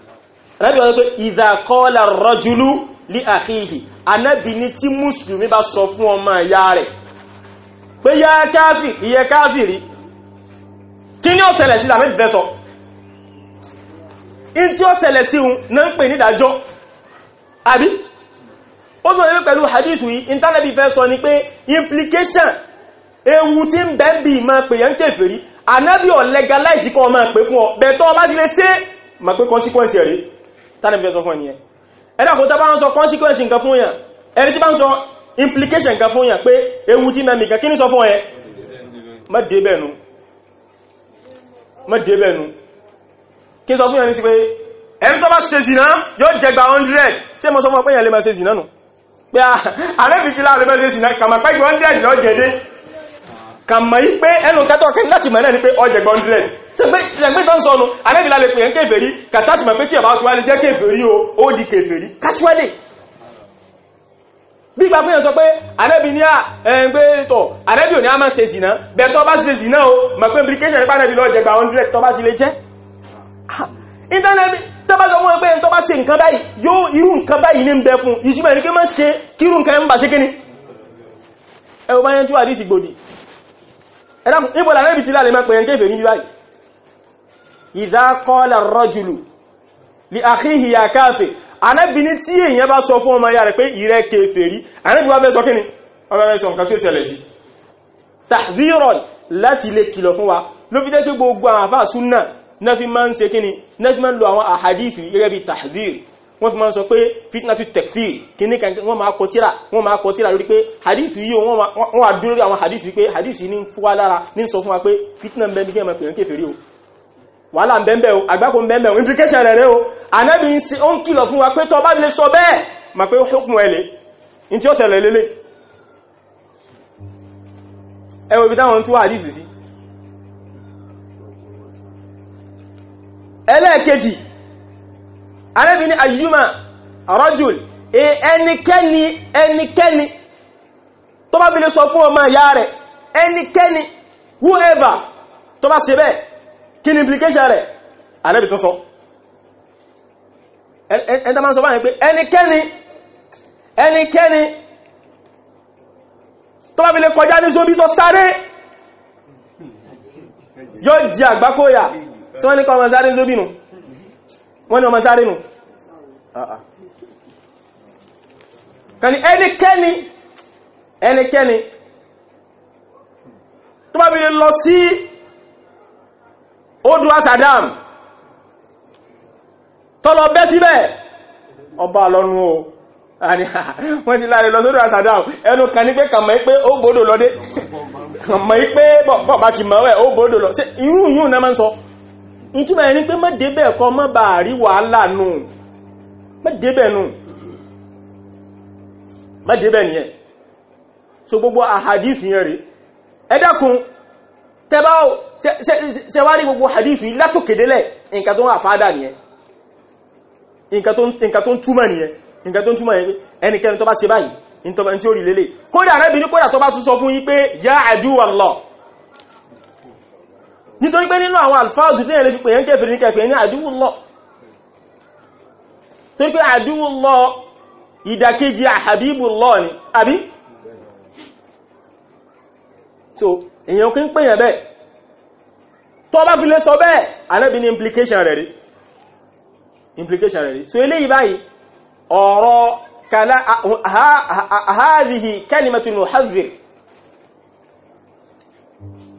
Speaker 1: anábì wọn pé ìdàkọ́lá rọ́júlú lí àkíhì anábì ní tí mùsùlùmí bá sọ fún ọmọ ìyá rẹ̀ pé yá káfì ìyẹ káfì rí kí ni ó ṣẹlẹ̀ sí àmì ìfẹ́ sọ in tí ó ṣẹlẹ̀ sí un náà ń pè ní ìdájọ́ àbí ó tún ẹgbẹ́ pẹ̀lú hadith yìí intanẹ́bì fẹ́ sọ ni pé implication ewu tí ń bẹ́ẹ̀ bí máa pè yẹn kèfèrí anábì ọ̀ legalize kọ́ máa pè fún ọ bẹ̀tọ́ ọlá ti lè ṣe consequence rẹ̀ tánàbí fẹ́ sọ fún ẹniyẹn ẹ̀dàkùn tó bá ń sọ consequence nǹkan fún yàn ẹni tí bá ń sọ implication nǹkan fún yàn pé ewu tí mẹ́mì kan kí ní sọ fún ẹ mẹ́dẹ̀ẹ́bẹ̀nu kí sọ fún yàn ní sí pé ẹni tó bá ṣe zìnà yóò jẹgba 100 tí mo sọ fún ọ pé yàn lè máa ṣe zìnà nù pé ah, àrẹ́bìtì láàrẹ́ fẹ́ ṣe zìnà kàmà pẹ́ 100 lọ́jẹ̀dẹ́ kàmà yí pé ẹnu kátọ́ kẹni láti mọ̀ náà ni pé ọjẹ̀ gbọ́ndìlẹ̀ ṣẹgbẹ́ tán sọnù alẹ́bìlá lè pèyàn kéfèrí kàsáàtì mọ̀ pé tí ẹ̀bá tíwá jẹ́ kéfèrí o ó di kéfèrí káṣíwádé bí gbà fún yẹn sọ pé anẹ́bì ní ẹgbẹ́ tọ̀ anẹ́bì ò ní a máa ṣe zìnà bẹ̀ tọ́ bá ṣe zìnà o mọ̀ pé implication nípa anẹ́bì lọ́jẹ̀ gba 100 tọ́ bá ti lè jẹ́ ìtẹ́lẹ́bì tọ́ bá sọ fún ẹgbẹ́ tọ́ bá ṣe nǹkan báyìí yóò irú nǹkan báyìí ní ń bẹ fún ìjúmọ̀ ní kí mọ́ ṣe kírù nǹkan ń bà ṣe kíní ẹwọ bá yẹn tí wà ní ìsìgbòdì ẹ̀dàkùn níbo làwọn ibi tí láàrin máa pẹ̀yàn kéfèé níbi báyìí ìdákọ́lá rọ́jùlù ní àkíhì àkáàfè anábìní tí èèyàn bá sọ fún ọmọ ya rẹ̀ pé ìrẹ́ kéfèé rí anábì wá bẹ́ kí ni ọmọ ẹ̀sọ̀ nǹkan tí ó ṣẹlẹ̀ sí tàbírọ̀n láti lè kìlọ̀ fún wa ló fi jẹ́ ni náà fi máa ń lo wọ́n fi máa ń sọ pé fitnatu tekfir kíní kan wọ́n máa kọ tíra wọ́n máa kọ tíra lórí pé hadith yìí wọ́n wà dúró lórí àwọn hadith yìí pé hadith yìí ní fúwa lára ní sọ fún wa pé fitna ń bẹ bí kí ẹ máa pèyàn o wàhálà ń bẹ́ẹ̀ o àgbákò ń bẹ́ẹ̀ o implication rẹ̀ rẹ̀ o ànábì ó ń kìlọ̀ fún wa pé tó bá lè sọ bẹ́ẹ̀ mà pé hukmu ẹ̀ lé ní tí ó ṣẹlẹ̀ lélẹ̀ ẹ wo ibi táwọn tí wà hadith sí ẹlẹ́ẹ̀kejì arẹ́bìn ní ayyuma rajul e ẹnikẹ́ni ẹnikẹ́ni tó bá bílé sọ fún ọmọ ìyá rẹ̀ ẹnikẹ́ni whoever tó bá ṣe bẹ́ẹ̀ kí ni implication rẹ̀ arẹ́bìn tó sọ ẹ̀ẹ́dá máa sọ báyìí pé ẹnikẹ́ni ẹnikẹ́ni tó bá fi lè kọjá ní sóbí tó sáré yóò jí àgbákóyà tí wọ́n ní kọmọ sáré sóbí nù wọ́n ni ọmọ sáré nù kàní ẹnikẹ́ni ẹnikẹ́ni tó bá bèèrè lọ sí odò asàdám tọ́lọ bẹ́ síbẹ̀ ọba lọ́nu o [laughs] wọ́n ti láàrin lọ sódò asàdám ẹnu kan ní pé kàmọ̀ ipé ó gbódò lọ́dé [laughs] kàmọ̀ ipé bọ̀bá ti mọ̀ ẹ̀ ó gbódò lọ sí irú yìí náà máa sọ ìtumọ̀ ẹni pé mọ́débẹ̀ kọ mọ́ bá rí wàhálà nù mọ́débẹ̀ nù mọ́débẹ̀ nìyẹn so gbogbo àhàdìsì yẹn rí ẹ dákun tẹ́bá sẹwárí gbogbo àhàdìsì látòkèdélẹ̀ nǹkan tó ń àfádà nìyẹn nǹkan tó ń túmọ̀ nìyẹn nǹkan tó ń túmọ̀ yẹn ẹnikẹ́ni tó bá ṣe báyìí ní tí ó rí lélẹ̀ kódà rẹ́bìnrin kódà tó bá tún sọ fún yí pé yá àdúwà Allah nítorí pé nínú àwọn alfáàdù tí ẹ̀lẹ́fi pèyàn kẹfẹ́ ní kẹfẹ́ ní àdúwùlọ́ torí pé àdúwùlọ́ ìdàkejì àhàbíbùlọ́ ni àbí so èyàn kí ń pèyàn bẹ́ẹ̀ tó bá fi lè sọ bẹ́ẹ̀ ní implication rẹ̀ rí so ọ̀rọ̀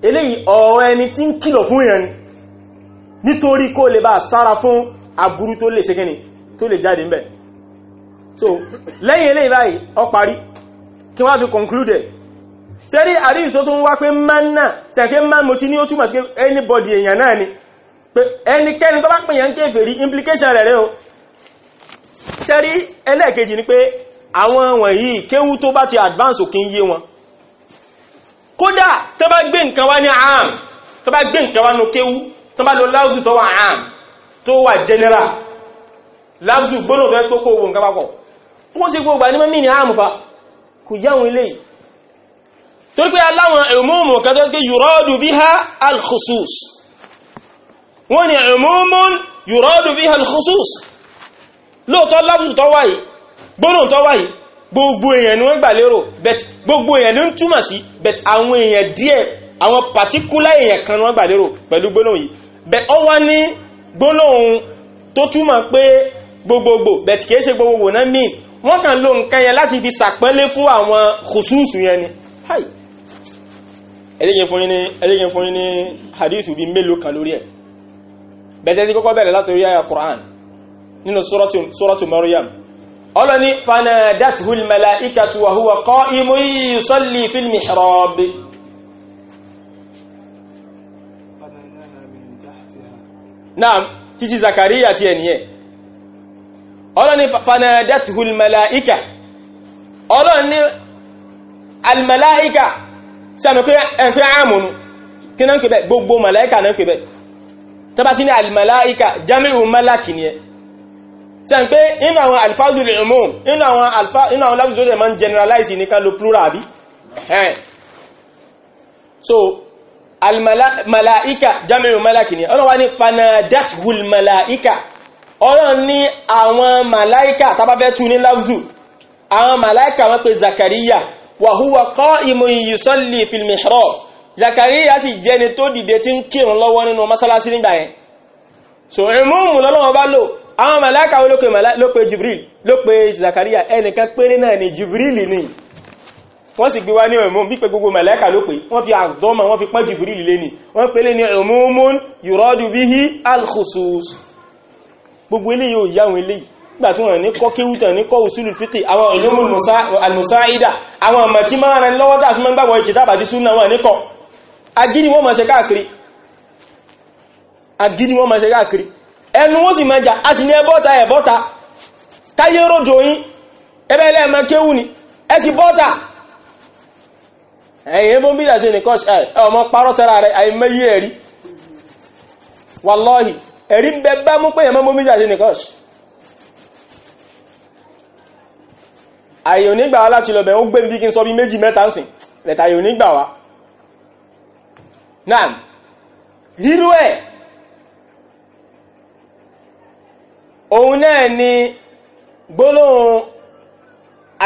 Speaker 1: eléyìí ọ̀rọ̀ ẹni tí ń kìlọ̀ fún ìyẹn nítorí kó lè bá sára fún aburú tó lè ṣekíní tó lè jáde ńbẹ̀ so lẹ́yìn eléyìí báyìí ó parí kí wọ́n fi conclude ṣe rí àríyí tó tó ń wá pé man náà sẹ́kẹ́ man mo ti ní ó túmọ̀ sí anybody èèyàn náà ni pé ẹnikẹ́ni tó bá pè yàn kèfèrí implication rẹ̀ rẹ̀ o ṣe rí ẹlẹ́ẹ̀kejì ni pé àwọn wọ̀nyí kéwú tó bá ti advance òkín yé wọn kódà tó bá gbé nǹkan wá ní àm tó bá gbé nǹkan wá ní kéwú tó bá lo láwùsù tó wà àm tó wà general láwùsù gbónà tó ẹ́sìkò kówó nǹkan papọ̀ wọ́n sì gbogbo àní mẹ́mí ní àm fa kò yáwọn ilé torí pé aláwọn ìmúmù kan tó ṣe yùrọ́dù biha al-khusus wọ́n ni ìmúmù yùrọ́dù biha al-khusus lóòtọ́ láwùsù tó wáyìí gbónà tó wáyìí gbogbo èèyàn ni wọ́n gbà lérò bet gbogbo èèyàn ló ń túmọ̀ sí bet àwọn èèyàn díẹ̀ àwọn pàtíkúlá èèyàn kan ni wọ́n gbà lérò pẹ̀lú gbólóhùn yìí bet ọ wá ní gbólóhùn tó túmọ̀ pé gbogbogbò bet kìí ṣe gbogbogbò náà míì wọ́n kàn lo nǹkan yẹn láti fi sàpẹ́lé fún àwọn kùsùsù yẹn ni hai ẹlẹ́gẹ̀ fún yín ní ẹlẹ́gẹ̀ fún yín ní hadithu bíi mélòó kan lórí ẹ̀ bẹ̀tẹ̀ ti kọ́kọ́ bẹ̀rẹ̀ látòrí àyà Qur'an nínú suratu suratu Maryam ọlọ́ni fanadathul malaikatu wa huwa qa'imun yusalli fil mihrab naam títí zakariya ti ẹniyẹ ọlọ́ni fanadathul malaika ọlọ́ni almalaika sami ẹ̀kẹ́ àmùnù kí náà ń pè bẹ́ gbogbo malaika náà ń pè bẹ́ tàbátí ní almalaika jami'u malaki ni sẹ́n pé inú àwọn alifáàdù lè mú inú àwọn alifáàdù inú àwọn lábùsù lè generalize ní ká lo plural bí so almalaika jamiu malaki ni ọlọ́wà ní fanadatul malaika ọlọ́n ni àwọn malaika tàbáfẹ́ tún ní lábùsù àwọn malaika wọ́n pè zakariya wa huwa qa'imun yusalli fil mihrab zakariya sì jẹ́ni tó dìde tí ń kírun lọ́wọ́ nínú masalasi nígbà yẹn so ìmúùmù lọ́lọ́wọ́ bá lò àwọn màláìkà ló pè Jibril ló pè Zakaria ẹnìkan péré náà ni Jibril ni wọ́n sì gbé wá ní ọ̀mọ́ wípé gbogbo màláìkà ló pè wọ́n fi àdọ́mà wọ́n fi pọ́n Jibril lé ní wọ́n pèlé ní umumun yuradu bihi al-khusus gbogbo eléyìí ò yáwọn eléyìí nígbà tí wọ́n ní kọ́ kéwútàn ní kọ́ usulul fiqh àwọn ìlúmù almusaida àwọn wọn ní ṣe káàkiri ẹnu wọ́n sì mẹ́jà a sì ní ẹbọ́ta ẹbọ́ta káyé ròdò ẹbẹ́ ilẹ̀ ẹ̀mọ́ kéwù ni ẹ sì bọ́ta ẹ̀yìn ebó ń eme sí ní kọ́ṣ ẹ̀ ọmọ parọ́ tẹ́ra rẹ̀ àìmẹ́yí ẹ̀rí wàlọ́hì ẹ̀rí ń mú pé ẹ̀mọ́ mú bídà sí ní àyè onígbà wa láti lọ bẹ̀ ó gbé òun náà ni gbólóhùn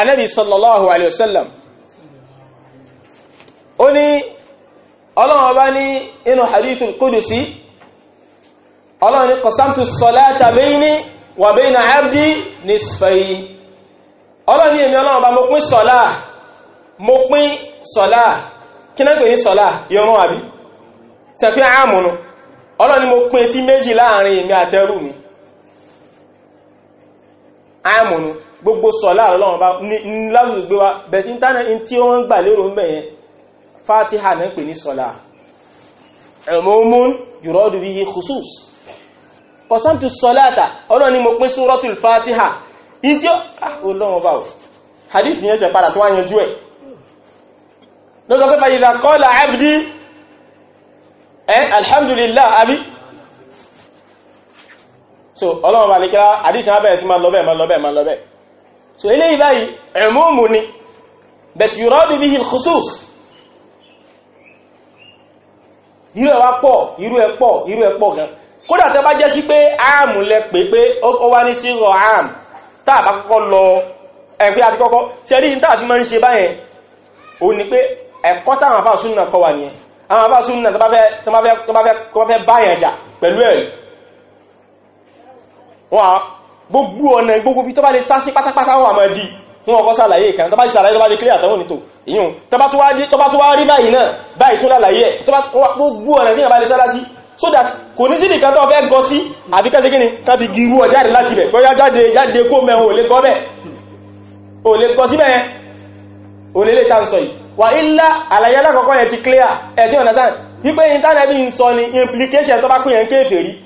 Speaker 1: anábi sallallahu alayhi wasallam ó ní ọlọ́wọ́ bá ní inú kudusi qudusi ọlọ́wọ́ ní qasamtu salata wa abdi nisfayn ọlọ́wọ́ ní èmi ọlọ́wọ́ bá mo pín sọ́lá mo pín sọ́lá kí náà pè ní sọ́lá ìrun àbí sẹ́pẹ́ àmùnù ọlọ́wọ́ ní àmùnú gbogbo sọ̀lá àlọ́wọ́n bá lásìkò gbé wa bẹ̀tí tánà tí ó ń gbà lérò mẹ́ yẹn fatiha náà pè ní sọ̀lá umumun yuradu bihi khusus qasamtu sọ̀láta ọlọ́ ni mo pín suratul fatiha ìjọ ah, ọlọ́wọ́n bá hadith yẹn jẹ padà tó wá yanjú ẹ̀ lọ́dọ̀ pé fa idha qala abdi alhamdulillah abi so ọlọ́run bá lè kíra àdísì máa bẹ̀rẹ̀ sí máa lọ́bẹ̀ máa lọ́bẹ̀ máa lọ́bẹ̀ so eléyìí báyìí ẹ̀múùmù ni but yuradu bihi al-khusus irú ẹ̀ wá pọ̀ irú ẹ̀ pọ̀ irú ẹ̀ pọ̀ gan kódà tẹ́ bá jẹ́ sí pé áàmù lẹ pé pé ó wá ní sí rọ áàmù táà bá kọ́kọ́ lọ ẹ̀pẹ́ àti kọ́kọ́ tí ẹ̀rí ní táà fi máa ń ṣe báyẹn ó ní pé ẹ̀kọ́ táwọn afáàsúnnà kọ́ wà nìyẹn àwọn afáàsúnnà tó bá fẹ́ báyẹn jà pẹ̀lú ẹ̀rí wọ́n gbogbo ọ̀nà gbogbo bí tó bá lè sásí pátápátá wọ́n àmọ́ di fún ọkọ́ sàlàyé ìkànnì tó bá ti sàlàyé tó bá ti clear àtàwọn nìtò ìyún tó bá tó wá rí báyìí náà báyìí tó lálàyé ẹ̀ tó bá gbogbo ọ̀nà tí ìyàbá lè sálá sí so that kò ní sí nìkan tó fẹ́ gọ sí àbí kẹ́ gíní ká fi gírú ọ jáde láti bẹ̀ bóyá jáde jáde kó mẹ́ ò lè gọ́ bẹ̀ ò lè gọ́ sí bẹ́ẹ̀ ò lè lè ta ń sọ yìí wà ilá àlàyé alákọ̀ọ́kọ́ yẹn ti clear ẹ̀ ọ̀nà sáà wípé ìntánẹ́bí ń sọ ni implication tó bá kú yẹn kéfèrí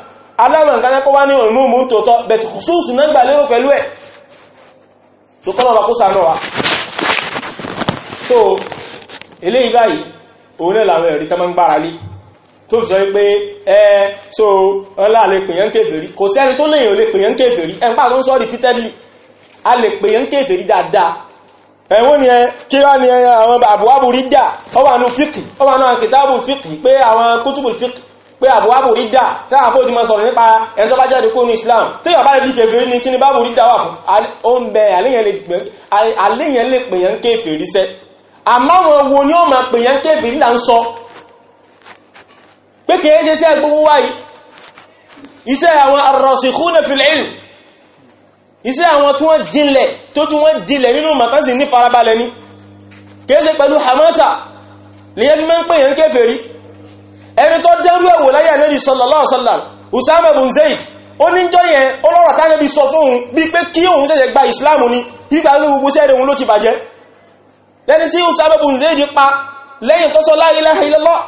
Speaker 1: aláwọn nǹkan tẹ́kọ́ wá ní òmùmù tòótọ́ bẹ̀tì kùsùsù náà gbà lérò pẹ̀lú ẹ̀ tó kọ́nà ọba kó sànà wa tó eléyìí báyìí òun làwọn ẹ̀rí tẹ́mọ́ ń gbára lé tó sọ pé ẹ so ọlá lè pèyàn kéferì kò sí ẹni tó léyìn ò lè pèyàn kéferì ẹ̀ ń pàtó ń sọ repeatedly a lè ẹ̀wọ́n ni ẹ kí wá ni àwọn àbúwábù rí dà ọwọ́ àánú fíkì ọwọ́ àánú àkìtábù fíkì pé àwọn kútùbù fíkì pé àbúwábù rí dà táà fó ti mọ́ sọ̀rọ̀ nípa ẹni tó bá jáde kó ní Islam tí yọ̀ bá lè di kèfèrí ní kí ni bábù rí dà wà fún ó ń bẹ àléyàn lè pèyàn kèfèrí sẹ́ àmọ́ wọn wo ni ó máa pèyàn kèfèrí là ń sọ pé kìí ṣe sí gbogbo wáyé iṣẹ́ àwọn ar-rasikhuna fil ilm iṣẹ́ àwọn ẹni tó dẹ́rú ẹ̀wò láyé Ànábì sallallahu alaihi wasallam Usama bin Zaid oníjọ́ yẹn ọlọ́rọ̀ tánẹ́bí sọ fún òun bí pé kí òun ṣẹ̀ṣẹ̀ gba ìsìláàmù ni ìgbà tó gbogbo sẹ́rẹ̀ òun ló ti bàjẹ́ lẹ́ni tí Usama bin Zaid pa lẹ́yìn tó sọ la ilaha illallah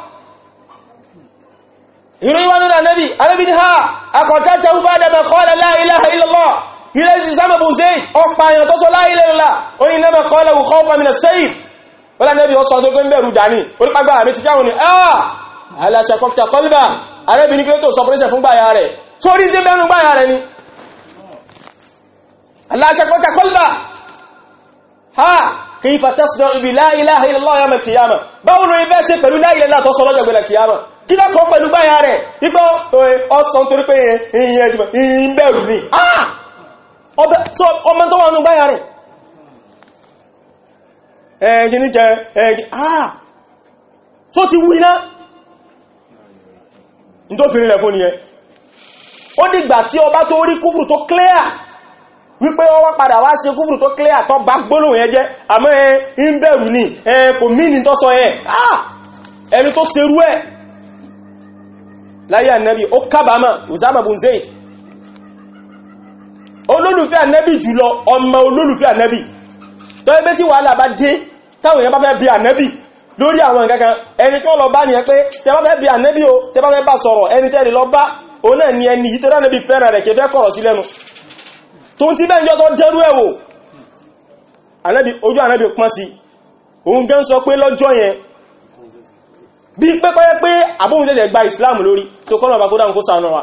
Speaker 1: ìròyìn wá nínú ànẹ́bì ànẹ́bì ní ha akọ̀tẹ́tẹ́ ó bá dẹ̀mẹ̀ kọ́lẹ̀ la ilaha illallah ilẹ̀ Usama bin Zaid ọpa èèyàn tó sọ la aláṣà kọfíta kọlbà arẹ́bìnrin kílótò sọpọ̀lẹ́sẹ̀ fún gbáyà rẹ̀ sórí tí bẹ́nu gbáyà rẹ̀ ni aláṣà kọfíta kọlbà ha kayfa tasna'u bi la ilaha illallah yawm al-qiyamah báwo ló ibẹ́ sí pẹ̀lú la ilaha illallah tó sọ lọ́jọ́ gbẹ̀lẹ̀ kìyàmà kí lọ́kọ̀ pẹ̀lú gbáyà rẹ̀ ipò ọ̀sán torí pé ìyẹn jùmọ̀ ìyìn bẹ̀rù ni ọmọ tó wà nù gbáyà rẹ̀ ẹ̀ẹ́gì ní tó fi rí rẹ̀ fún nìyẹn ó dìgbà tí ọba tó rí kúfùrù tó clear wípé ó wá padà wá ṣe kúfùrù tó clear tó bá gbólóhùn ẹ jẹ́ àmọ́ ẹ ń bẹ̀rù ni ẹ kò mí ní tó sọ ẹ ah! ẹni tó serú ẹ láyé ànẹ́bí ó kábàámọ̀ Usama bin Zaid olólùfẹ́ ànẹ́bí jùlọ ọmọ olólùfẹ́ ànẹ́bí tó ẹgbẹ́ tí wàhálà bá dé táwọn èèyàn bá fẹ́ bí ànẹ́bí lórí àwọn nǹkankan ẹni tó lọ bá ní ẹ pé tẹbàfẹ́ bí ànẹ́bí o tẹbàfẹ́ bá sọ̀rọ̀ ẹni tẹ́rì lọ bá òun náà ni ẹni ìtẹ́rà níbi fẹ́ràn rẹ̀ kẹfẹ́ kọ̀rọ̀ sí lẹ́nu tó ń tí bẹ́ẹ̀ jọ tó dẹ́rú ẹ̀ wò ojú ànẹ́bí pọ́n sí òun gẹ́ ń sọ pé lọ́jọ́ yẹn bí pẹ́pẹ́ pé àbóhun tẹ́jẹ̀ gba Islam lórí tó kọ́nà bá kódà ń kó sànà wa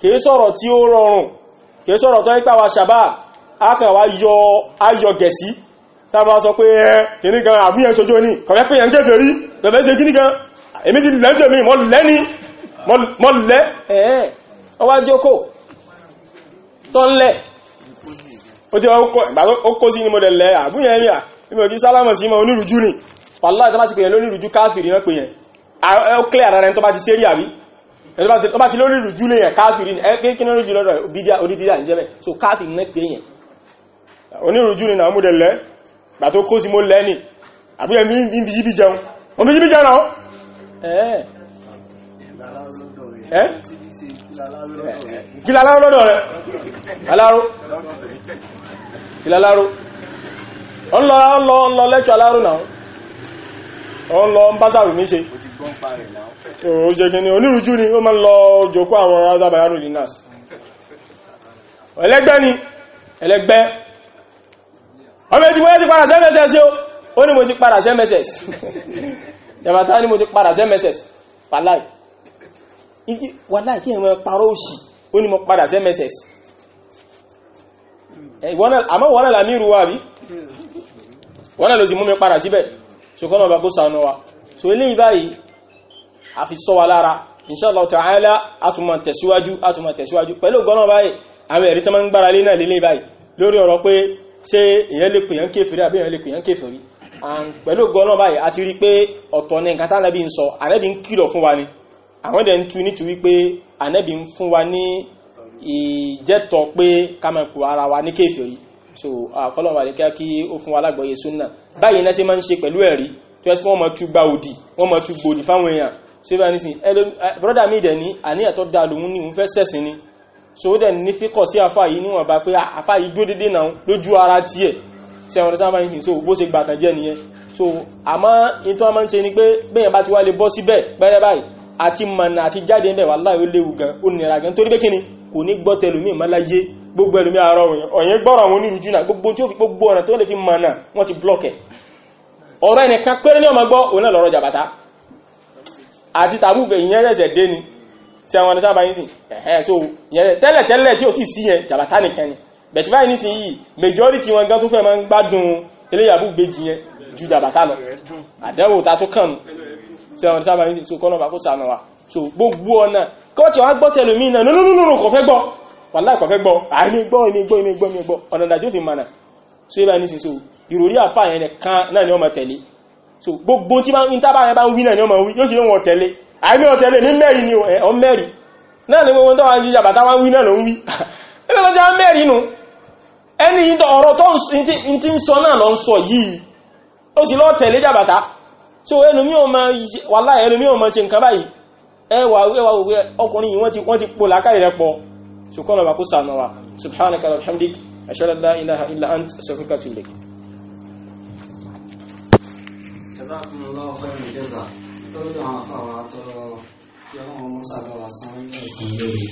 Speaker 1: kìí sọ̀rọ̀ tí ó rọrùn kìí sọ̀rọ̀ tó ń pàwà sàbá akẹwà ayọ̀ gẹ̀sí tàbá sọ pé eh, kìní kan àbúyẹ ṣojú ní kọ̀rẹ́ pé yẹn kẹfẹ́ rí tẹ̀fẹ́ ṣe kìní kan èmi ti lẹ́jọ mi mọ́ lẹ́ni mọ́ lẹ́ ẹ̀ẹ́ ọwá jókò tọ́lẹ̀ ó ti ó kó sí ní mo dẹ̀lẹ̀ àbúyẹ ní à mi ò kí sálámọ̀ sí mọ́ onírùjú ni wàláì tó bá ti pèyàn lónírùjú káàfìrí náà pèyàn ó kílẹ̀ àdára ẹni tó bá ti sérí àrí tó bá ti lónírùjú lèyàn káàfìrí ní ẹgbẹ́ kí lónírùjú lọ́dọ̀ orí bídíà ìjẹ́mẹ̀ so gbà kó sí mo lẹ́ni àbúyẹ mi ń jẹun mo fi jẹun náà ẹ́ kìlà lọ́dọ̀ rẹ̀ aláró kìlà aláró ọ̀nlọ ọ̀nlọ ọ̀nlọ lẹ́tọ̀ aláró náà ọ̀nlọ mi ṣe o ni lọ àwọn ọmọ ẹ̀tí wọ́n ti padà sẹ́mẹ́sẹ̀ sí o ó ní mo ti padà sẹ́mẹ́sẹ̀ jàbátá ní mo ti padà sẹ́mẹ́sẹ̀ pàláì wàláì kí ẹ̀mọ́ parọ́ òṣì ó ní mo padà sẹ́mẹ́sẹ̀ àmọ́ wọ́n náà lámírù wà bí wọ́n náà ló sì mú mi padà síbẹ̀ so kọ́nà ọba kó sànú wa so eléyìí báyìí a fi inshallah ta'ala atùmọ̀ tẹ̀síwájú atùmọ̀ tẹ̀síwájú pẹ̀lú gọ́nà báyìí àwọn ẹ̀rí tó máa ń gbára lé náà lélé báyìí lórí ọ̀rọ̀ pé ṣé èyàn lè pèyàn kéfèrí àbí èyàn lè pèyàn kéfèrí pẹ̀lú gọ́nà báyìí a ti rí pé ọ̀tọ̀ ní nǹkan tánàbí ń sọ ànẹ́bí ń kìlọ̀ fún wa ni àwọn ẹ̀dẹ̀ ń tu nítorí pé ànẹ́bí ń fún wa ní ìjẹ́tọ̀ pé ká máa pò ara wa ní kéfèrí so àkọlọ́wà lè kíá kí ó fún wa lágbọ̀ọ́yé súnà báyìí náà ṣe máa ń ṣe pẹ̀lú ẹ̀rí tó yẹ sí wọ́n máa tú gba òdì wọ́n máa tú gbòdì fáwọn èèyàn ṣé bá nísìn brọ́dà mi dẹ̀ ní àníyàn tó dáa lòun ní òun fẹ́ sẹ̀sìn ni so ó dẹ̀ ní fíkọ̀ sí afá yìí níwọ̀n bá pé afá ah, yìí dúró dédé náà lójú ara tiẹ̀ ṣe àwọn ọ̀dọ́sá máa ń sìn so bó ṣe gbàtàn jẹ́ nìyẹn so àmọ́ in tó máa ń ṣe ni pé bẹ́yẹn bá ti wá lè bọ́ síbẹ̀ pẹ́rẹ́ báyìí àti mọ̀nà àti jáde ń bẹ̀ wallahi ó léwu gan ó nira gan torí pé kíni kò ní gbọ́ tẹlùmí ìmọ́láyé gbogbo ẹlùmí ara ọ̀yẹn gbọ́rọ̀ àwọn onírújú náà gbogbo tí ó fi gbogbo ọ̀nà tó lè fi mọ̀nà wọ́n ti blọ́kẹ̀ ọ̀rọ̀ ẹnìkan péré ní ọmọ gbọ́ òun náà lọ́rọ̀ jàbàtà àti tàbùkù ìyẹn ẹ̀sẹ̀ dé ni tí àwọn ẹ̀sáàbà yìí sìn ẹ̀hẹ́ so tẹ́lẹ̀ tẹ́lẹ̀ tí ó ti sí yẹn jàbátá nìkan ni bẹ̀tí báyìí ní sí yìí majority wọn gan tó fẹ́ máa ń gbádùn eléyàbú gbèjì yẹn ju jàbátá lọ àdẹ́wò ta tó kàn tí àwọn ẹ̀sáàbà yìí sìn so kọ́nà bá kó sànà wa so gbogbo ọ̀nà kọ́ọ̀tì wọn gbọ́ tẹlu mí náà nínú kò fẹ́ gbọ́ wàláì kò fẹ́ gbọ́ àìní gbọ́ ìní gbọ́ ìní gbọ́ ìní gbọ́ ọ̀nà ìdájọ́ fi mànà so ibà ní sí so ìròrí àfà yẹn kan náà ni wọ́n máa tẹ̀lé so gbogbo tí wọ́n ń tábà yẹn bá ń wí náà ni wọ́n máa wí yóò sì yóò wọ́n tẹ̀lé àìmí ọ̀tẹ̀lẹ̀ ní mẹ́rin ni ọ mẹ́rin náà ni gbogbo tó wá ń jíjà bàtà wá ń wí náà ló ń wí ẹgbẹ́ [laughs] tó já mẹ́rin nu ẹni ọ̀rọ̀ tó ń tí ń sọ náà lọ ń sọ yìí ó sì lọ tẹ̀lé jàbàtà so ẹnumí ọmọ wàláhì ẹnumí ọmọ ṣe nǹkan báyìí ẹwà ẹwà òwe ọkùnrin yìí wọ́n ti pò lákàrí rẹ pọ̀ ṣùkọ́nà bá kó sànà wa subhanaka alhamdik ashhadu an la ilaha illa ant astaghfiruka wa atubu ilayk lọ́dọ̀ àwọn afáwà tọrọ kí ọlọ́run mọ́sàbọ̀ àsán ẹgbẹ́ ìsìn lórí.